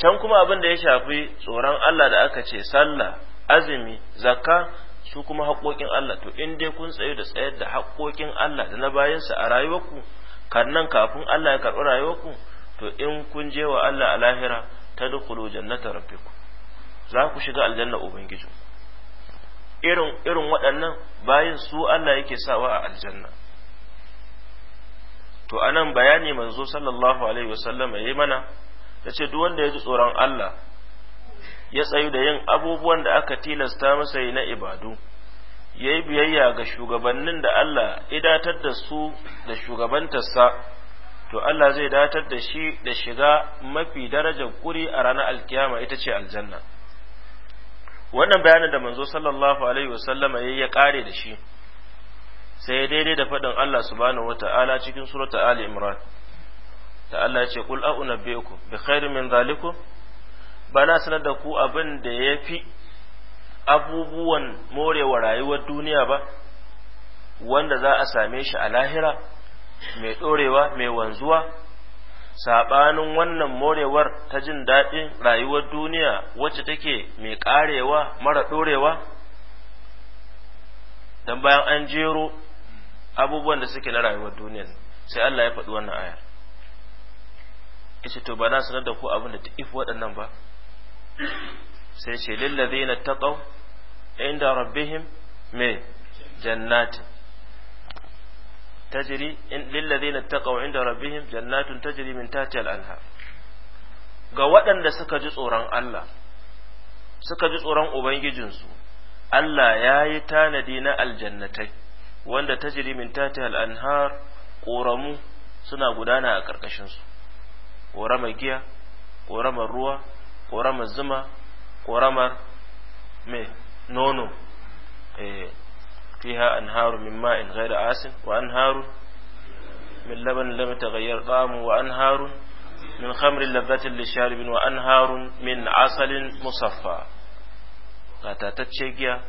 Speaker 1: can kuma abin da ya shafi tsoron Allah da aka ce sallah azumi zakka su kuma haƙoƙin Allah to in dai kun tsaye da tsayar da haƙoƙin Allah da na bayinsa a rayuwarku kannan kafin Allah ya karɓi rayuwarku to in kun je wa Allah a lahira ta dukulu jannata rabbikum za ku shiga aljanna ubangiji irin irin waɗannan bayan su Allah yake sawa a aljanna to anan bayani manzo sallallahu alaihi wasallam yayi mana yace duk wanda ya ji tsoron Allah ya tsayu da yin abubuwan da aka tilasta masa yi na ibadu ya yi biyayya ga shugabannin da Allah idatar da su da shugabantarsa to Allah zai datar da shi da shiga mafi darajar kuri a ranar alkiyama ita ce aljanna wannan bayanin da manzo sallallahu alaihi wasallama yayi ya kare da shi sai daidai da faɗin Allah subhanahu wata'ala cikin surata Ali Imran ta Allah ya ce kul a'unabbiukum bi khairin min zalikum bana sanar da ku abin da yafi abubuwan morewa rayuwar duniya ba wanda za a same shi a lahira mai ɗorewa mai wanzuwa Sabanin wannan morewar ta jin daɗin rayuwar duniya wacce take mai ƙarewa mara ɗorewa don bayan an jero abubuwan da suke na rayuwar duniya sai Allah ya faɗi wannan ayar ita to ba na sanar da ku abin da ta if waɗannan ba sai ce lillazina taqaw inda rabbihim mai jannatin tajri lillazina taqaw inda rabbihim jannatun tajri min tahtiha al ga waɗanda suka ji tsoron Allah suka ji tsoron ubangijinsu Allah ya yi tanadi na aljannatai wanda tajri min tahtiha al-anhar ƙoramu suna gudana a ƙarƙashinsu ƙoramar giya ƙoramar ruwa ƙoramar zuma ƙoramar mai nono eh فيها أنهار من ماء غير آس وأنهار من لبن لم تغير طعم وأنهار من خمر لذة للشارب وأنهار من عسل مصفى قاتا giya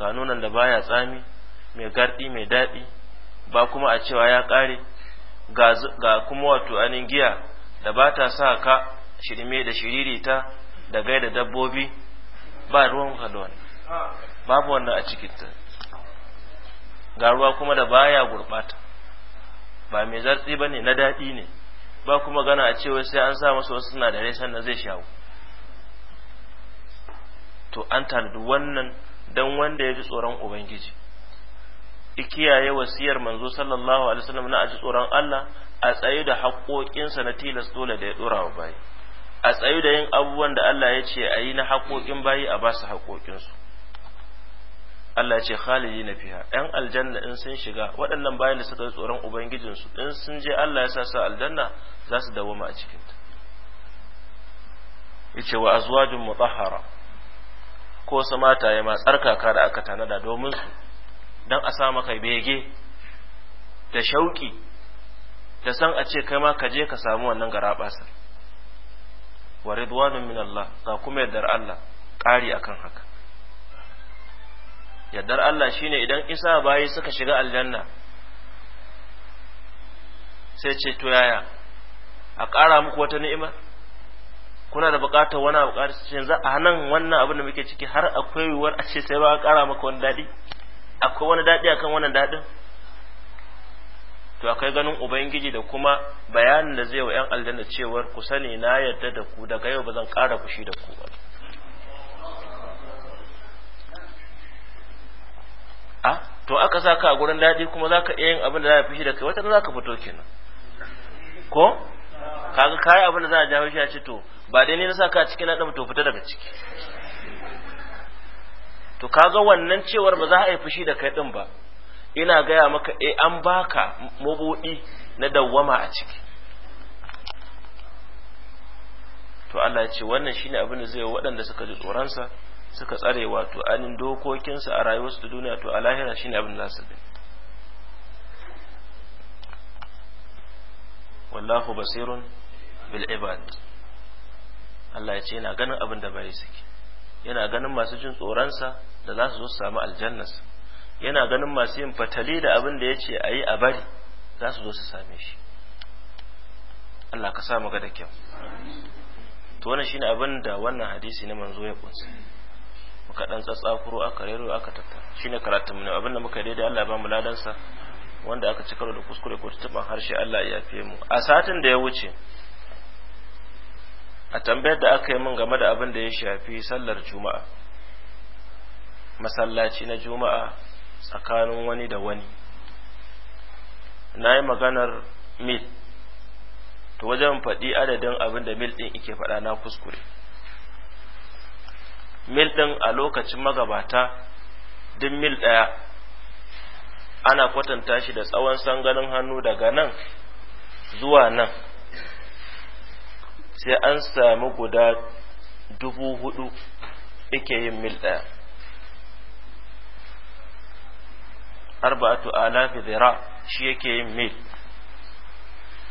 Speaker 1: قانونا da baya tsami mai gardi mai daɗi ba kuma a cewa ya ƙare ga kuma wato anin giya da ba ta sa ka shirme da ta da gaida dabbobi ba ruwan babu wannan a ga ruwa kuma da baya gurbata ba mai zartsi bane na daɗi ne ba kuma gana a cewa sai an sa masa wasu sinadarai sannan zai shawo to an tanadi wannan dan wanda ya ji tsoron ubangiji kiyaye wasiyar manzo sallallahu alaihi wasallam na ji tsoron Allah a tsaye da haƙoƙinsa na tilas dole da ya dora wa bayi a tsaye da yin abubuwan da Allah ya ce ayi na haƙoƙin bayi a ba su haƙoƙinsu Allah ya ce khalidi na fiha ɗan aljanna in sun shiga waɗannan bayan da suka yi tsoron ubangijinsu in sun je Allah ya sa su aljanna za su dawoma a cikinta yace wa azwajun mutahhara ko wasu ya ma tsarkaka da aka tanada domin su dan a sa maka bege da shauki da san a ce kai ma ka je ka samu wannan garabasa wa ridwanun min Allah ga kuma yardar Allah ƙari akan haka yaddar Allah shine idan isa bayi suka shiga aljanna sai ce to yaya a ƙara muku wata ni'ima kuna da buƙatar wani abu ƙarar cikin za a nan wannan abin da muke ciki har akwai yiwuwar a ce sai ba a ƙara maka wani daɗi akwai wani daɗi akan wannan daɗin to akwai ganin ubangiji da kuma bayanin da zai wa 'yan aljanna cewar ku sani na yarda da ku daga yau ba zan ƙara fushi da ku ba a to aka sa ka a gurin daɗi kuma za ka iya yin abin da za a fushi da kai wata za ka fito kenan ko kaga kayi abin da za a jawo shi a ce to ba dai ne na sa ka ciki na ɗan to fita daga ciki to kaga wannan cewar ba za a yi fushi da kai ɗin ba ina gaya maka e an baka mabuɗi na dawwama a ciki to Allah ya ce wannan shine abin da zai waɗanda suka ji tsoronsa suka tsare wato anin dokokinsa a rayuwarsu da duniya to a lahira shine abin da su gani wallahu basirun bil ibad Allah ya ce yana ganin abin da bai suke yana ganin masu jin tsoronsa da za su zo su samu aljannas yana ganin masu yin fatali da abin da ya ce a yi a bari za su zo su same shi Allah ka sa mu ga da kyau to wannan shine abin da wannan hadisi na manzo ya kunsa aka dan tsatsafuro aka rero aka tattara shine karatun mu ne abinda muka daidai Allah ba mu ladan sa wanda aka ci da kuskure ko tuban harshe Allah ya yafe mu a satin da ya wuce a tambayar da aka yi min game da abin da ya shafi sallar juma'a masallaci na juma'a tsakanin wani da wani na yi maganar mil to wajen faɗi adadin abin da mil ɗin ike faɗa na kuskure mil ɗin a lokacin magabata duk mil ɗaya ana kwatanta shi da tsawon sangalin hannu daga nan zuwa nan sai an sami guda dubu hudu ike yin mil ɗaya arba'atu alafi zira shi yake yin mil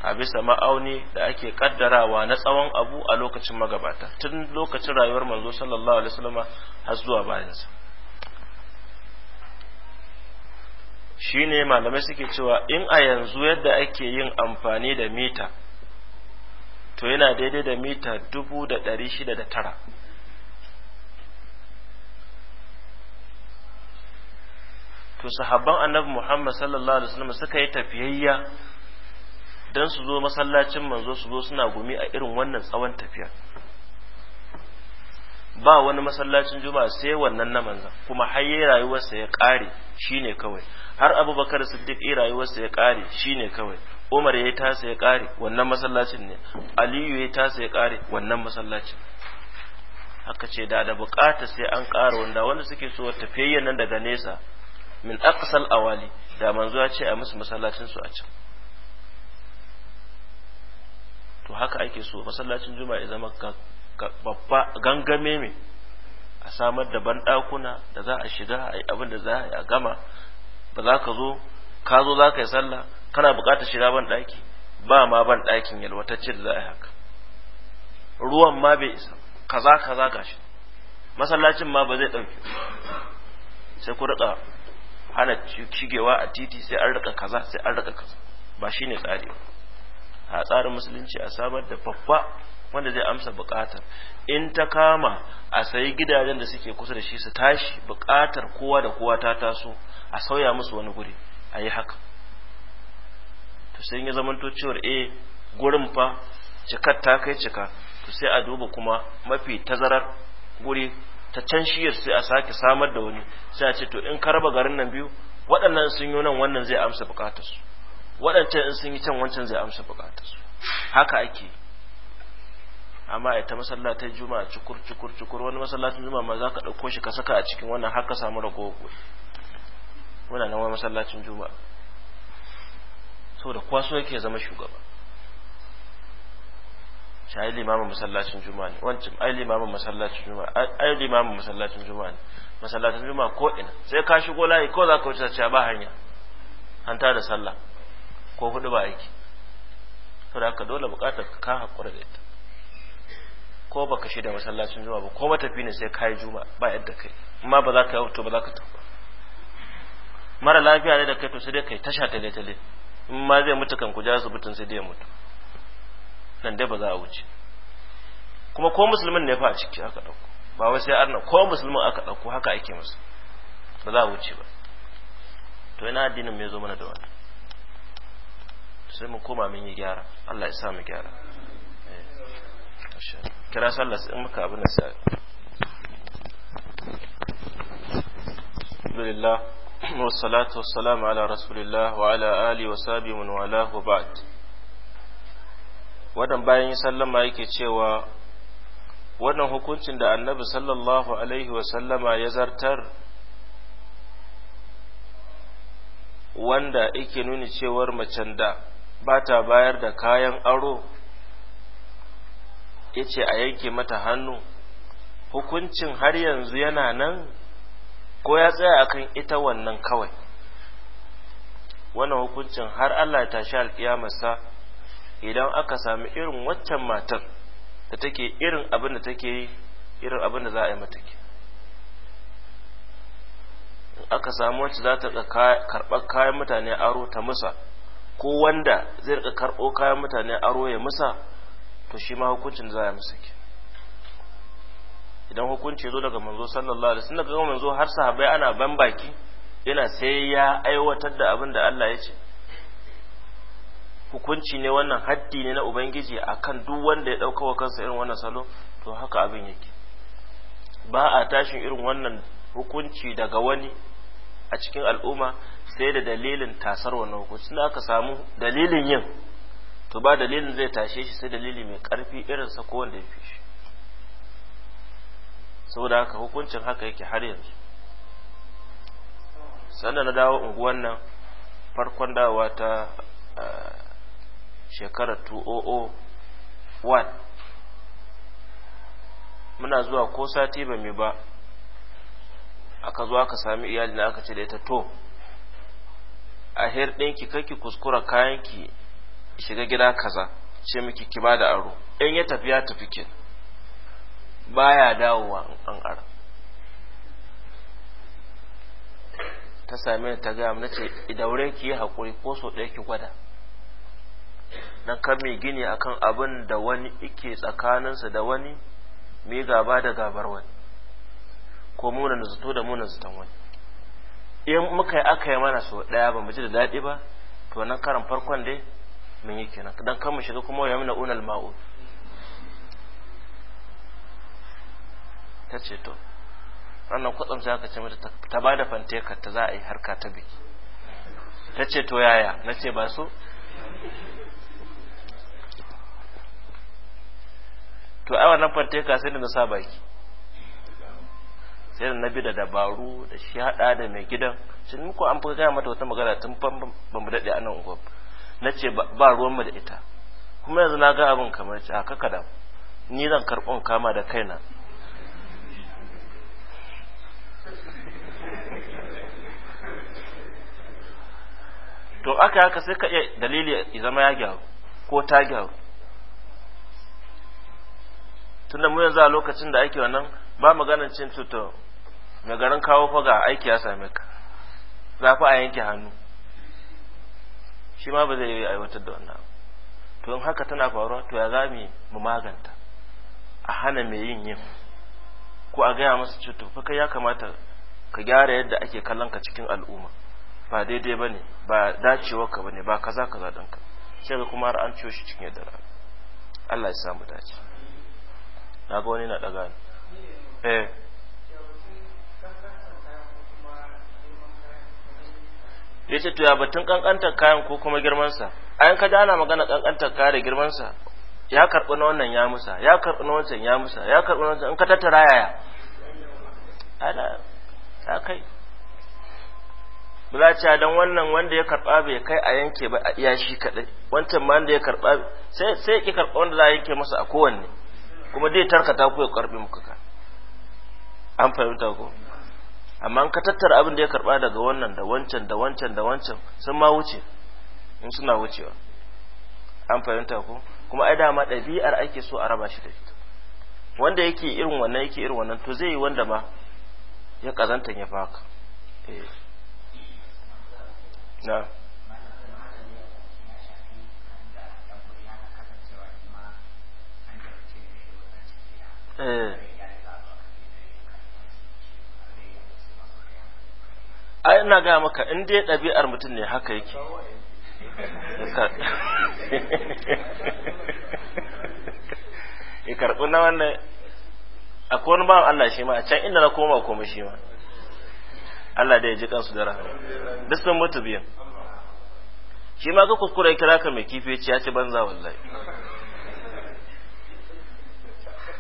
Speaker 1: a bisa ma'auni da ake kaddarawa na tsawon abu a lokacin magabata tun lokacin rayuwar manzo sallallahu alaihi wasallam har zuwa bayansa shine malamai suke cewa in a yanzu yadda ake yin amfani da mita to yana daidai da mita dubu da ɗari da tara to sahabban annabi muhammad sallallahu alaihi wasallam suka yi tafiyayya don su zo masallacin manzo su zo suna gumi a irin wannan tsawon tafiya ba wani masallacin juma'a sai wannan na manzo kuma har haye rayuwarsa ya kare shine kawai har abubakar siddiq rayuwarsa ya kare shine kawai umar ya tasa ya ƙare wannan masallacin ne aliyu ya tasa ya ƙare wannan masallacin haka ce da da bukata sai an ƙara wanda wanda suke so tafiyayyen nan daga nesa min aqsal awali da manzo ya ce a musu masallacin su a can to haka ake so masallacin juma'a ya zama babba gangame mai a samar da banɗakuna da za a shiga a yi abin da za a yi a gama ba za ka zo ka zo za ka yi sallah kana buƙatar shiga daki ba ma banɗakin yalwatacce da za a yi haka ruwan ma bai isa kaza kaza gashi masallacin ma ba zai ɗauke sai ku riƙa hana shigewa a titi sai an riƙa kaza sai an riƙa kaza ba shine tsari ba a tsarin musulunci a samar da babba wanda zai amsa buƙatar in ta kama a sayi gidajen da suke kusa da shi su tashi buƙatar kowa da kowa ta taso a sauya musu wani guri a yi haka to sai ya zamanto cewar eh gurin fa cikar ta kai cika to sai a duba kuma mafi tazarar guri ta can shi shiyar sai a sake samar da wani sai a ce to in ka raba garin nan biyu waɗannan sun yi nan wannan zai amsa bukatarsu waɗancan in sun yi can wancan zai amsa buƙatar haka ake amma ita masallatar juma'a cukur cukur cukur wani masallacin juma'a ma za ka ɗauko shi ka saka a cikin wannan haka samu ragowa muna nan wani masallacin juma'a saboda kwaso yake zama shugaba shi ai limamin masallacin juma'a ne wancan ai limamin masallacin juma'a ai limamin masallacin juma'a ne masallacin juma'a ko ina sai ka shigo layi ko za ka wuce ta ba hanya an da sallah ko hudu ba aiki to da ka dole bukatar ka hakura da ita ko baka shi da masallacin juma'a ba ko tafi ne sai kai juma'a ba yadda kai amma ba za ka yi to ba za ka tafi mara lafiya ne da kai to sai dai kai tasha tale tale in ma zai mutu kan ku ja asibitin sai dai mutu nan dai ba za a wuce kuma ko musulmin ne fa a ciki aka dauko ba wai sai arna ko musulmin aka dauko haka ake musu ba za a wuce ba to ina addinin me zo mana da wannan sai mu koma mun yi gyara Allah ya sa mu gyara eh, kira sallah in muka abin da sai alhamdulillah wassalatu wassalamu ala rasulillah wa ala ali wa sahbihi wa wala wa wannan bayan sallama yake cewa wannan hukuncin da annabi sallallahu alaihi wa sallama ya zartar wanda yake nuni cewar macen da ba ta bayar da kayan aro ya ce a yanke mata hannu hukuncin har yanzu yana nan ko ya tsaya akan ita wannan kawai wannan hukuncin har Allah ya tashi alƙiyamarsa idan aka sami irin waccan matar da take irin abin da take yi irin abin da za a yi mata ke aka samu wacce za ta karɓar kayan mutane aro ta musa ko wanda zai rika karɓo kayan mutane aro ya musa to shi ma hukuncin za a musa ke idan hukunci zo daga manzo sallallahu alaihi wasallam daga manzo har sahabbai ana ban baki yana sai ya aiwatar da abin da Allah ya ce hukunci ne wannan haddi ne na ubangiji akan duk wanda ya dauka wa kansa irin wannan salo to haka abin yake ba a tashin irin wannan hukunci daga wani a cikin al'umma sai da dalilin tasar wannan hukunci da aka samu dalilin yin to ba dalilin zai tashe shi sai dalili mai karfi irin sa ko wanda ya fi shi saboda haka hukuncin haka yake har yanzu sannan na dawo unguwan nan farkon dawowa ta shekarar 2001 muna zuwa ko sati ba mai ba aka zo aka sami iyali na aka ce da ita to a her ɗinki ki kuskura kayanki shiga gida kaza ce miki ki ba da aro in ya tafi ya tafi ke baya dawowa in an ara ta same ni ta gaya nace idaure ki yi hakuri ko so ɗaya ki gwada na kar mai gini akan abin da wani ike tsakaninsa da wani mai gaba da gabar wani ko muna zato da muna zaton wani in muka yi aka yi mana so ɗaya ba mu ji da daɗi ba to nan karan farkon dai mun yi kenan dan kan mu shiga kuma ya muna unal ma'u ta ce to wannan kwatsam sai aka ce mata ta bada fanteka ta za a yi harka ta biki ta ce to yaya na ce ba so to ai wannan fanteka sai da na sa baki irin na bi da dabaru da shi hada da mai gidan sun muku an fi gaya mata wata magana tun ban ba mu daɗe anan ungwab na ce ba mu da ita kuma yanzu na ga abin kamar ci a kaka ni zan karɓon kama da kaina to aka haka sai ka iya dalili ya zama ya gyaru ko ta gyaru tunda mu yanzu a lokacin da ake wannan ba maganar cin tuto mai garin kawo faga aiki ya same ka za fi a yanke hannu shi ma ba zai yi aiwatar da wannan to in haka tana faruwa to ya za mu maganta a hana mai yin yin ko a gaya masa ce fa kai ya kamata ka gyara yadda ake kallon ka cikin al'umma ba daidai ba ne ba dacewar ka ba ne ba kaza kaza ka sai ga kuma an ciyo shi cikin yadda Allah ya samu dace na ga wani na ɗaga ni eh ya ce to ya batun kankantar kayan ko kuma girmansa ayan ka ana magana kankantar kaya da girmansa ya karɓi na wannan ya musa ya karɓi na wancan ya musa ya karɓi na wancan in ka tattara yaya ala ta kai bula za don wannan wanda ya karɓa bai kai a yanke ba a iya shi kaɗai wancan ma wanda ya karɓa sai sai ki karba wanda za a yanke masa a kowanne kuma zai tarkata ku ya karɓi muka ka an fahimta ko amma ka tattara abin da ya karba daga wannan da wancan da wancan da wancan sun ma wuce in suna wucewa an fahimta ko kuma ai dama ɗabi'ar ake so a raba shi da ita wanda yake irin wannan yake irin wannan to zai yi wanda ma ya kazanta ya faka eh na eh ai ina ga maka in dai ɗabi'ar mutum ne haka yake karɓi na wannan akwai wani ba Allah shi ma a can inda na koma koma shi ma Allah da ya ji kansu da rahama duk sun mutu biyan shi ma ga kuskure kira ka mai kifi ya ci banza wallahi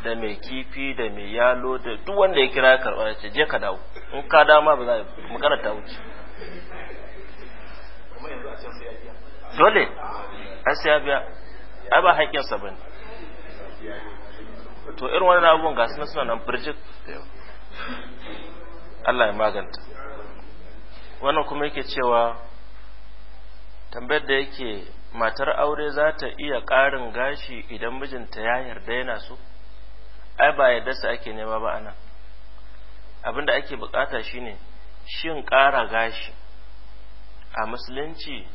Speaker 1: da mai kifi da mai yalo da duk wanda ya kira ya karɓa ce je ka dawo in ka dama ba za a magana ta wuce dole a sai biya ai ba haƙƙin ba ne to irin wani abubuwan ga suna suna nan birjit Allah ya maganta wannan kuma yake cewa tambayar da yake matar aure za ta iya ƙarin gashi idan mijinta ya yarda yana so ai ba yadda su ake nema ba anan abinda ake bukata shine shin ƙara gashi a musulunci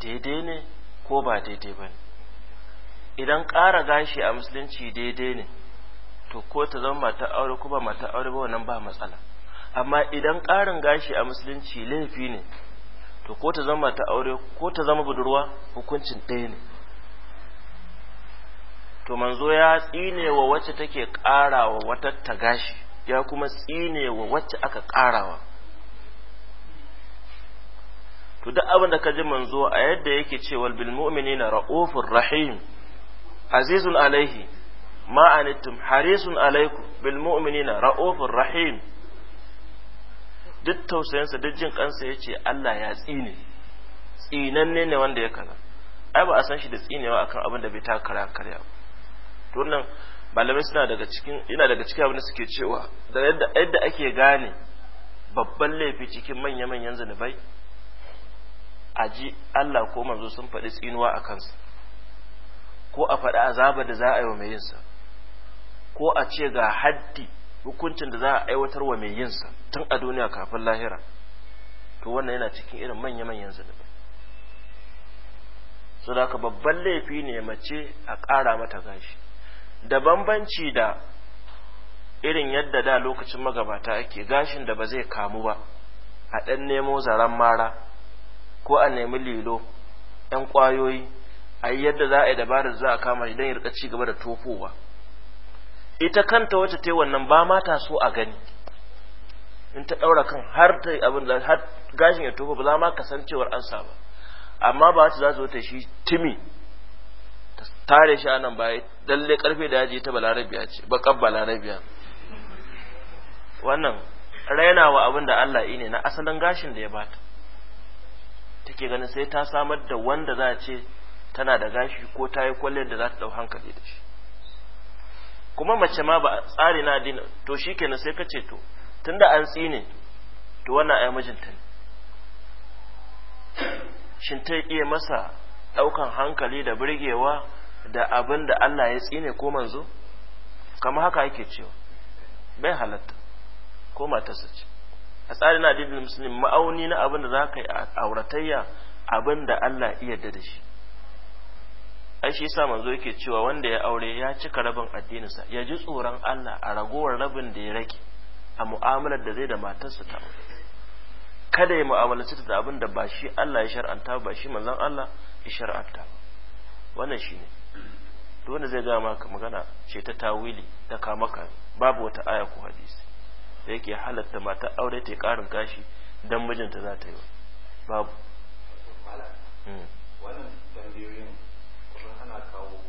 Speaker 1: daidai ne ko ba daidai ba ne idan ƙara gashi a musulunci daidai ne to ko ta zama mata aure ko ba mata aure ba wannan ba matsala amma idan ƙarin gashi a musulunci laifi ne to ko ta zama mata aure ko ta zama budurwa hukuncin ɗaya ne to manzo ya tsine wa wacce take karawa wata ta gashi ya kuma tsine wa wacce aka karawa to duk abin da ka ji manzo a yadda yake cewa bil mu'minina ra'ufur rahim azizun alaihi ma anittum harisun alaikum bil mu'minina ra'ufur rahim duk tausayinsa duk jin kansa yace Allah ya tsine tsinanne ne wanda ya kaza ai ba a san shi da tsinewa akan abin da bai takara karya ba tunan malamai suna daga cikin ina daga cikin abin da suke cewa da yadda yadda ake gane babban laifi cikin manya manyan zanubai aji Allah ko manzo sun faɗi tsinuwa a kansa ko a faɗi azaba da za a yi wa mai yinsa ko a ce ga haddi hukuncin da za a aiwatar wa mai yinsa tun a duniya kafin lahira to wannan yana cikin irin manya manyan zanubai sau da babban laifi ne mace a ƙara mata gashi da bambanci da irin yadda da lokacin magabata ake gashin da ba zai kamu ba a ɗan nemo zaren mara ko a nemi lilo ‘yan ƙwayoyi a yi yadda za a yi dabarar za a kama shi don ya rika ci gaba da tofowa ita kanta wacce ta yi wannan ba ma so a gani in ta ɗaura kan har ta abin da gashin ya tofo ba za ma kasancewar ansa ba amma ba wacce za su ta shi timi tare shi anan baya dalle karfe da yaji ta balarabiya ce kabba balarabiya wannan rainawa abin da Allah ine na asalin gashin da ya bata take ganin sai ta samar da wanda za a ce tana da gashi ko ta yi kwallon da za ta dau hankali da shi kuma mace ma ba tsari na addini to shikenan sai ka ce to tunda an tsine to wannan ai mijinta ne shin ta iya masa ɗaukan hankali da burgewa da abin da Allah ya tsine ko manzo kama haka yake cewa bai halatta ko matarsa ce a tsarin addinin musulmi ma'auni na abin da za ka yi a auratayya abin da Allah iya da shi ai shi yasa manzo yake cewa wanda ya aure ya cika rabin addininsa ya ji tsoron Allah a ragowar rabin da ya rage a mu'amalar da zai da matarsa ta kada ya mu'amalarci ta da abin da ba shi Allah ya shar'anta ba shi manzon Allah ya shar'anta wannan shine to wanda zai gaya ka magana ce ta tawili ta kama kamaka babu wata aya ko hadisi da yake halatta mata aure ta karin gashi dan mijinta za ta yi babu hmm. wannan tambayoyin kusan ana kawo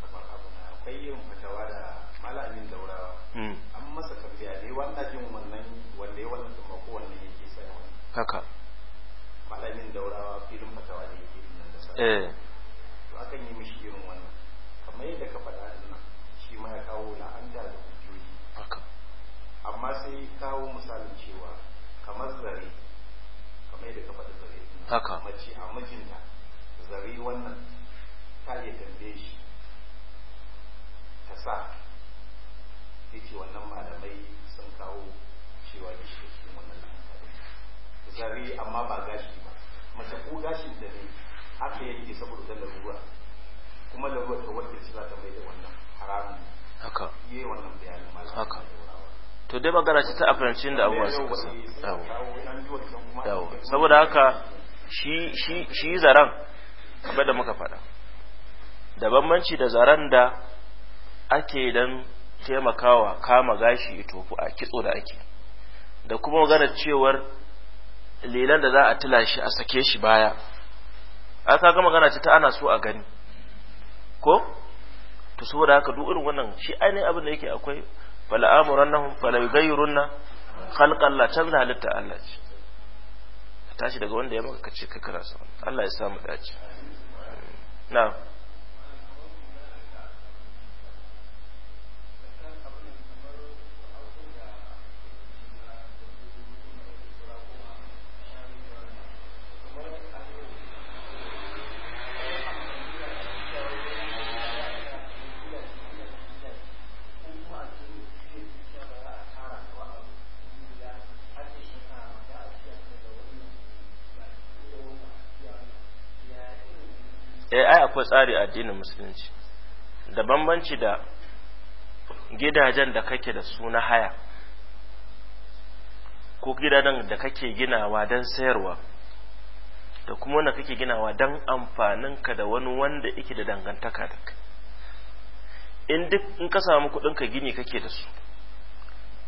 Speaker 1: kamar abu na akwai yin fatawa da malamin daurawa hmm. an masa tabbaya ne wanda jin wannan wanda ya wannan kuma ko wanda yake sai wani haka malamin daurawa filin fatawa da yake nan da sai kawo misalin cewa kamar zare kamar yadda ka faɗi zare haka mace a mijinta zare wannan ta iya tambaye shi ta sa ya ce wannan malamai sun kawo cewa da shi cikin wannan zare amma ba gashi ba mace ko gashin da ne aka yanke saboda larura kuma larura ta wadda ce za ta mai da wannan haramun haka yi wannan bayanin malamai haka to dai magana ce ta afirancin da abuwa su kusa yawo saboda haka shi zaren kamar da muka faɗa da bambanci da zaren da ake don taimakawa kama gashi tofu a kitso da ake da kuma magana cewar lelan da za a tila shi a sake shi baya a kaga magana ce ta ana so a gani ko to saboda haka duk irin wannan shi ainihin abin da yake akwai fala amurannahum fala yughayyirunna khalqa Allah canza halitta Allah ce tashi daga wanda ya maka kace ka kana Allah ya samu dace na'am akwai tsari a addinin musulunci da bambanci da gidajen da kake da su na haya ko gidajen da kake ginawa don sayarwa da kuma wanda kake ginawa don amfaninka da wani wanda yake da dangantaka da kai in duk in ka samu ka gini kake da su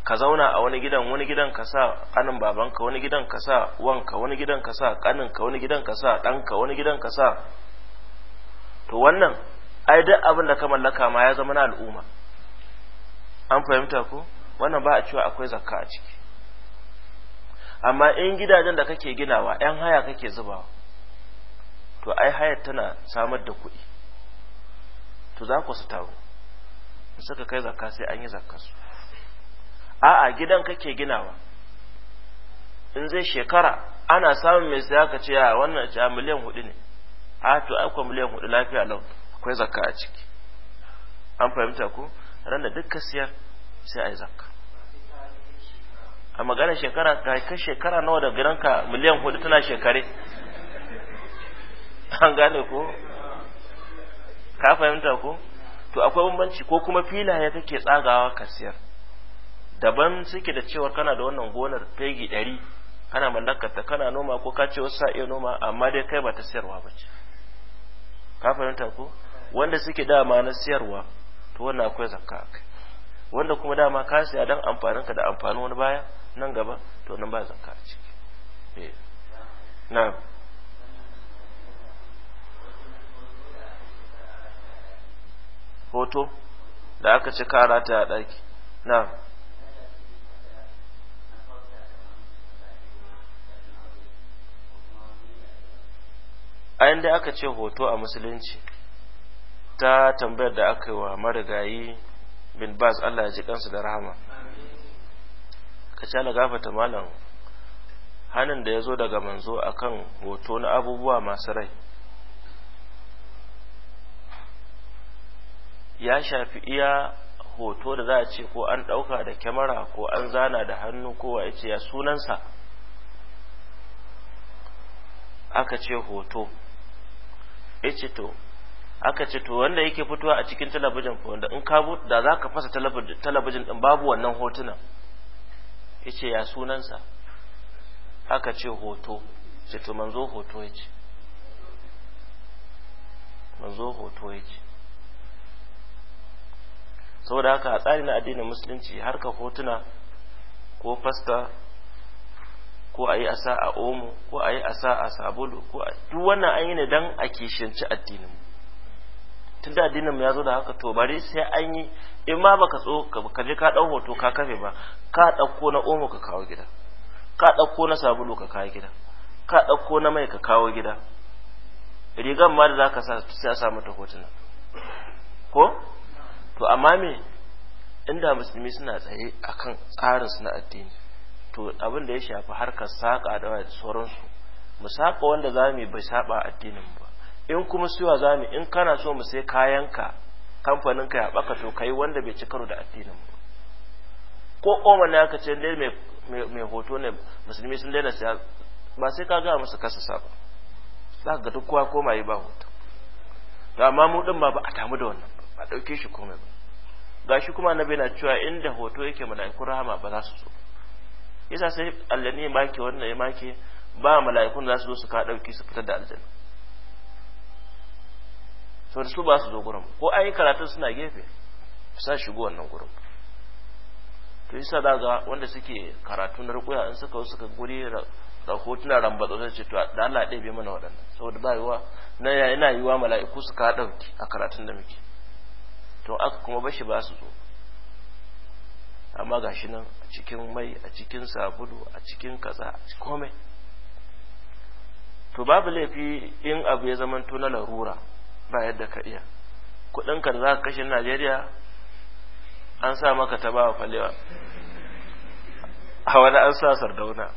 Speaker 1: ka zauna a wani gidan wani gidan ka sa kanin babanka wani gidan ka sa wanka wani gidan ka sa kaninka wani gidan ka sa ɗanka wani gidan ka sa to wannan ai duk abin da ka mallaka ma ya zama na al'umma an fahimta ko wannan ba a cewa akwai zakka a ciki amma in gidajen da kake ginawa yan haya kake zubawa to ai hayar tana samar da kuɗi to za ku su taru suka kai zakka sai an yi zakka su a'a gidan kake ginawa in zai shekara ana samun mai saya ka ce a wannan a miliyan hudu ne a to ai kuwa miliyan hudu lafiya lau akwai zakka a ciki an fahimta ko ran da dukkan siyar sai a yi zakka a magana shekara ka kai shekara nawa da gidanka miliyan hudu tana shekare an gane ko ka fahimta ko to akwai bambanci ko kuma filaye kake tsagawa ka siyar daban suke da cewa kana da wannan gonar fegi ɗari kana mallakar ta kana noma ko ka ce wasu sa iya noma amma dai kai ba ta siyarwa ba ce ka fahimta ko wanda suke dama na siyarwa to wannan akwai zakka akai wanda kuma dama ka siya dan amfanin ka da amfanin wani baya nan gaba to nan ba zakka a ciki eh. na hoto da aka ci kara ta daki na'am a dai aka ce hoto a musulunci ta tambayar da aka yi wa marigayi bin bas Allah ya ji kansu da rahama ka ci gafata malam hannun da ya zo daga manzo a kan hoto na abubuwa masu rai ya shafi iya hoto da za a ce ko an ɗauka da kyamara ko an zana da hannu kowa ya ce ya sunansa aka ce hoto yace to aka ce to wanda yake fitowa a cikin talabijin ko wanda in ka da za ka fasa talabijin din babu wannan ya yace ya sunansa aka ce hoto ce to manzo hoto yace manzo hoto yace saboda haka a tsari na addinin musulunci harka hotuna ko fasta ko a yi asa a omo ko a yi asa a sabulu ko a duk wannan an yi ne don a kishinci addinin mu tun da addinin ya zo da haka to bari sai an yi in ma baka tso ka je ka dau hoto ka kafe ba ka dauko na omo ka kawo gida ka dauko na sabulu ka kawo gida ka dauko na mai ka kawo gida rigan ma da zaka sa sai a sa mata hotuna ko to amma me inda musulmi suna tsaye akan tsarin su na addini to abin da ya shafi harkar saƙa da sauransu mu saƙa wanda za mu bai saɓa addinin ba in kuma suwa za mu in kana so mu sai kayanka kamfanin ka ya baka to kai wanda bai ci karo da addinin ba ko oman na ka ce dai mai hoto ne musulmi sun daina siya ba sai ka gaya musu kasa saba za ka ga duk kowa koma yi ba hoto to amma mu din ma ba a tamu da wannan ba a ɗauke shi komai ba gashi kuma annabi na cewa inda hoto yake mala'iku rahama ba za su zo. ba yasa sai allani ya make wannan ya make ba mala'ikun za su zo su ka dauki su fitar da aljanna to su ba su zo gurin ko an yi karatun suna gefe su sa shigo wannan gurin to yasa da ga wanda suke karatu na rukuya in suka suka guri da hotuna rambatsa sai ce to da Allah ɗaya bai mana waɗannan saboda ba yiwa na yana yiwa mala'iku su ka ɗauki a karatun da muke to aka kuma bashi ba su zo amma ga shi nan a cikin mai a cikin sabulu a cikin kaza a cikin komai to babu laifi in abu ya zama to na larura ba yadda ka iya kudin ka da za ka kashe Najeriya an sa maka ta bawa falewa a wani an sa sardauna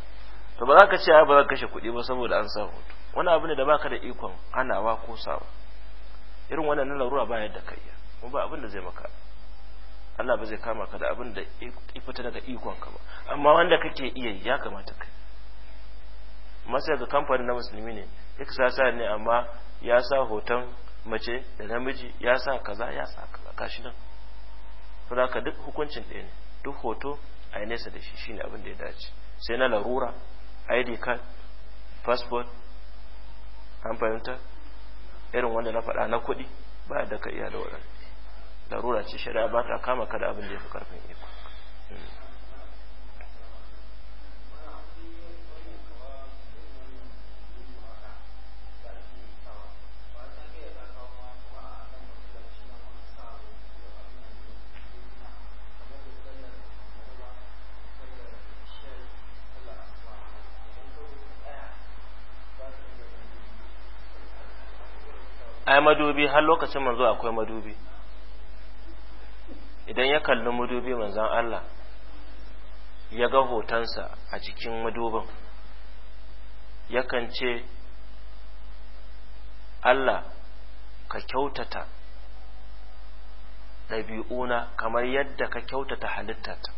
Speaker 1: to ba za ka ce ba za ka kashe kuɗi ba saboda an sa hoto wani abu ne da baka da ikon hanawa ko sawa irin wannan na larura ba yadda ka iya ba abin da zai maka Allah ba zai kama ka da abin da fita daga ikonka ba amma wanda kake iya ya kamata kai masa ga kamfanin na musulmi ne sa sa ne amma ya sa hoton mace da namiji ya sa kaza ya sa kaza kashi nan saboda ka duk hukuncin ɗaya ne duk hoto a nesa da shi shine abin da ya dace sai na larura id card passport an fahimta irin wanda na faɗa na kuɗi ba da ka iya da waɗanda larura ce shari'a ba ta kama kada abin da ya fi karfin iko ai madubi har lokacin manzo akwai madubi idan ya kalli madubi manzan Allah ya ga hotonsa a jikin madubin yakan ce Allah ka kyautata ɗabi'una kamar yadda ka kyautata halittata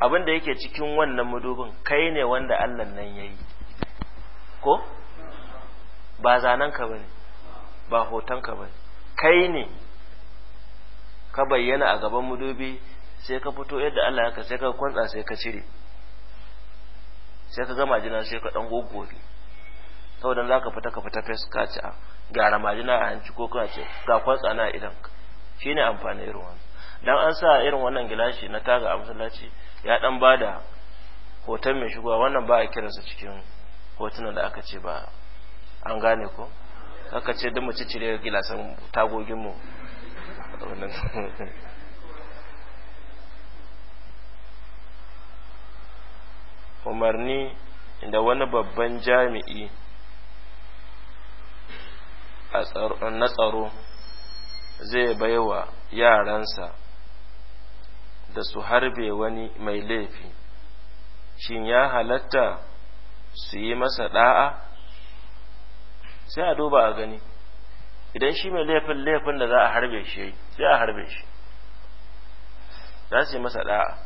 Speaker 1: abin da yake cikin wannan madubin kai ne wanda Allah nan ya yi ko ba zanenka ba ne ba hotonka ba ne kai ne ka bayyana a gaban mudubi sai ka fito yadda Allah ya ka sai ka kwantsa sai ka cire sai ka gama jina sai ka dan goggoge saboda za ka fita ka fita fes ka ci gyara majina a hanci ko kuma ce ga kwantsa na idan shine amfanin irin wannan dan an sa irin wannan gilashi na taga a masallaci ya dan bada hoton mai shigowa wannan ba a kiransa cikin hotunan da aka ce ba an gane ko aka ce duk mu cire gilasan tagoginmu umarni da wani babban jami'i na tsaro zai baiwa yaransa da su harbe wani mai laifi shin ya halatta su yi masa da'a sai a duba a gani idan shi mai laifin laifin da za a harbe shi yayi sai a harbe shi za su yi masa da'a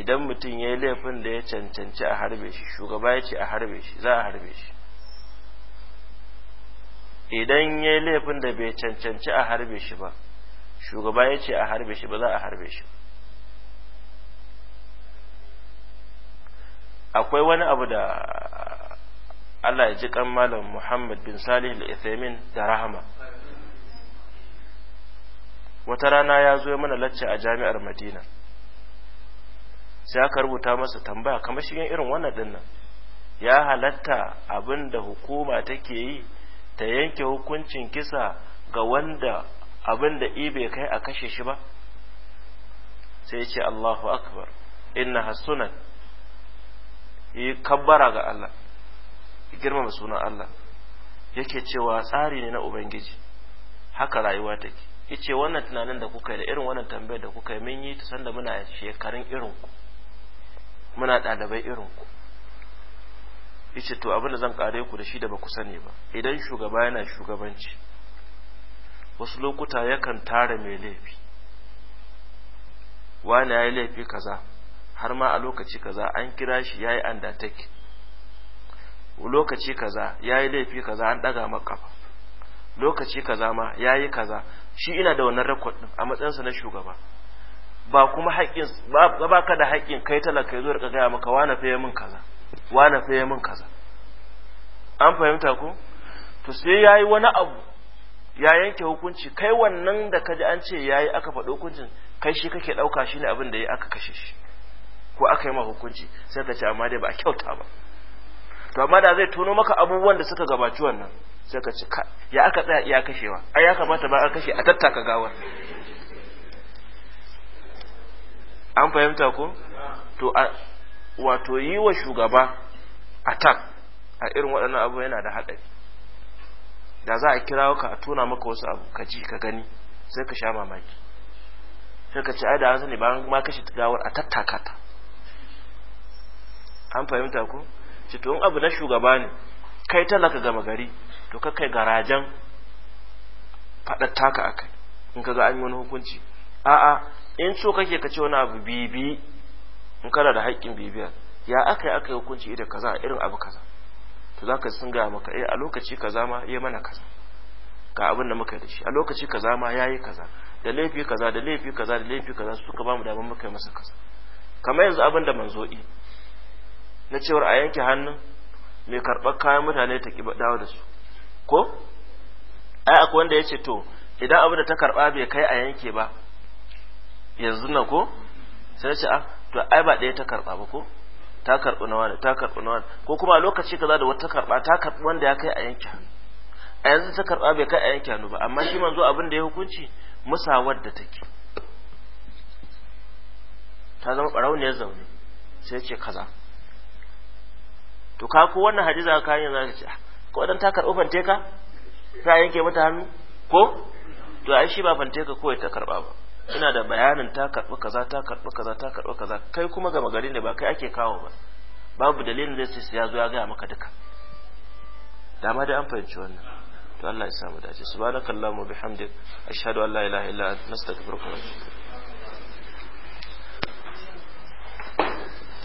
Speaker 1: idan mutum ya yi laifin da ya cancanci a harbe shi shugaba ya ce a harbe shi za a harbe shi idan ya yi laifin da bai cancanci a harbe shi ba shugaba ya ce a harbe shi ba za a harbe shi akwai wani abu da Allah ya ji kan malam Muhammad bin Salih al-Ithaymin da rahama wata rana ya zo mana lacce a jami'ar Madina sai aka rubuta masa tambaya kamar shi irin wannan nan ya halatta abinda hukuma take yi ta yanke hukuncin kisa ga wanda abinda da ibe kai a kashe shi ba sai ce Allahu akbar inna sunan yi kabbara ga Allah girmama sunan Allah yake cewa tsari ne na ubangiji haka rayuwa take yace wannan tunanin da kuka yi da irin wannan tambayar da kuka yi mun yi ta sanda muna shekarun irin ku muna ɗalibai irin ku yace to abinda zan kare ku da shi da baku sani ba idan shugaba yana shugabanci wasu lokuta yakan tara mai laifi wani ya yi laifi kaza har ma a lokaci kaza an kira shi ya yi undertaking lokaci kaza yayi laifi kaza an daga maka lokaci kaza ma yayi kaza shi ina da wannan record din a sa na shugaba ba kuma haƙƙin ba ka da haƙƙin kai talaka ya zo ga gaya maka wani faye min kaza wani faye min kaza an fahimta ku to sai yayi wani abu ya yanke hukunci kai wannan da kaji an ce yayi aka faɗo hukuncin kai shi kake ɗauka shine abin da ya aka kashe shi ko aka yi ma hukunci sai ka ce amma dai ba a kyauta ba to amma da zai tono maka abubuwan da suka gabaci wannan sai ka ci ya aka tsaya iya kashewa ai ya kamata ba a kashe a tattaka gawar an fahimta ko to a wato yi wa shugaba attack a irin waɗannan abu yana da haɗari da za a kirawo ka a tona maka wasu abu ka ji ka gani sai ka sha mamaki sai ka ci ai da an sani ba ma kashe gawar a tattaka ta an fahimta ko ce to in abu na shugaba ne kai talaka gama gari to ka kai garajen faɗar taka a kai in ka ga an yi wani hukunci a'a in so kake ka ce wani abu bibi in kana da haƙƙin bibiyar ya aka yi aka yi hukunci da kaza irin abu kaza to za ka sun gaya maka eh a lokaci kaza ma ya mana kaza ga abin da muka da shi a lokaci kaza ma ya yi kaza da laifi kaza da laifi kaza da laifi kaza suka ba mu damar muka yi masa kaza kamar yanzu abin da manzo'i na cewar a yanke hannun mai karɓar kayan mutane ta ƙi dawo da su ko ai akwai wanda ya ce to idan abu da ta karɓa bai kai a yanke ba yanzu na ko sai ce a ah, to ai ba ɗaya ta karɓa ba ko ta karɓi na wani ta karɓi na wani ko kuma a lokaci kaza da wata karɓa ta karɓi wanda ya kai a yanke hannu a yanzu ta karɓa bai kai a yanke hannu ba amma shi manzo abin da ya hukunci musawar da take ta zama ɓarauniyar zaune sai ce kaza to ka ko wannan hadisi ka yin za ka ce ah, ko dan ta karɓi ka ta yanke mata hannu ko to ai shi ba ka ko ta karɓa ba ina da bayanin ta karɓi kaza ta karɓi kaza ta karɓi kaza kai kuma gama gari ne ba kai ake kawo ba babu dalilin zai sai ya zo ya gaya maka duka dama dai an fahimci wannan to Allah ya samu dace subhanakallahumma bihamdik ashhadu an la ilaha illa anta nastaghfiruka wa atubu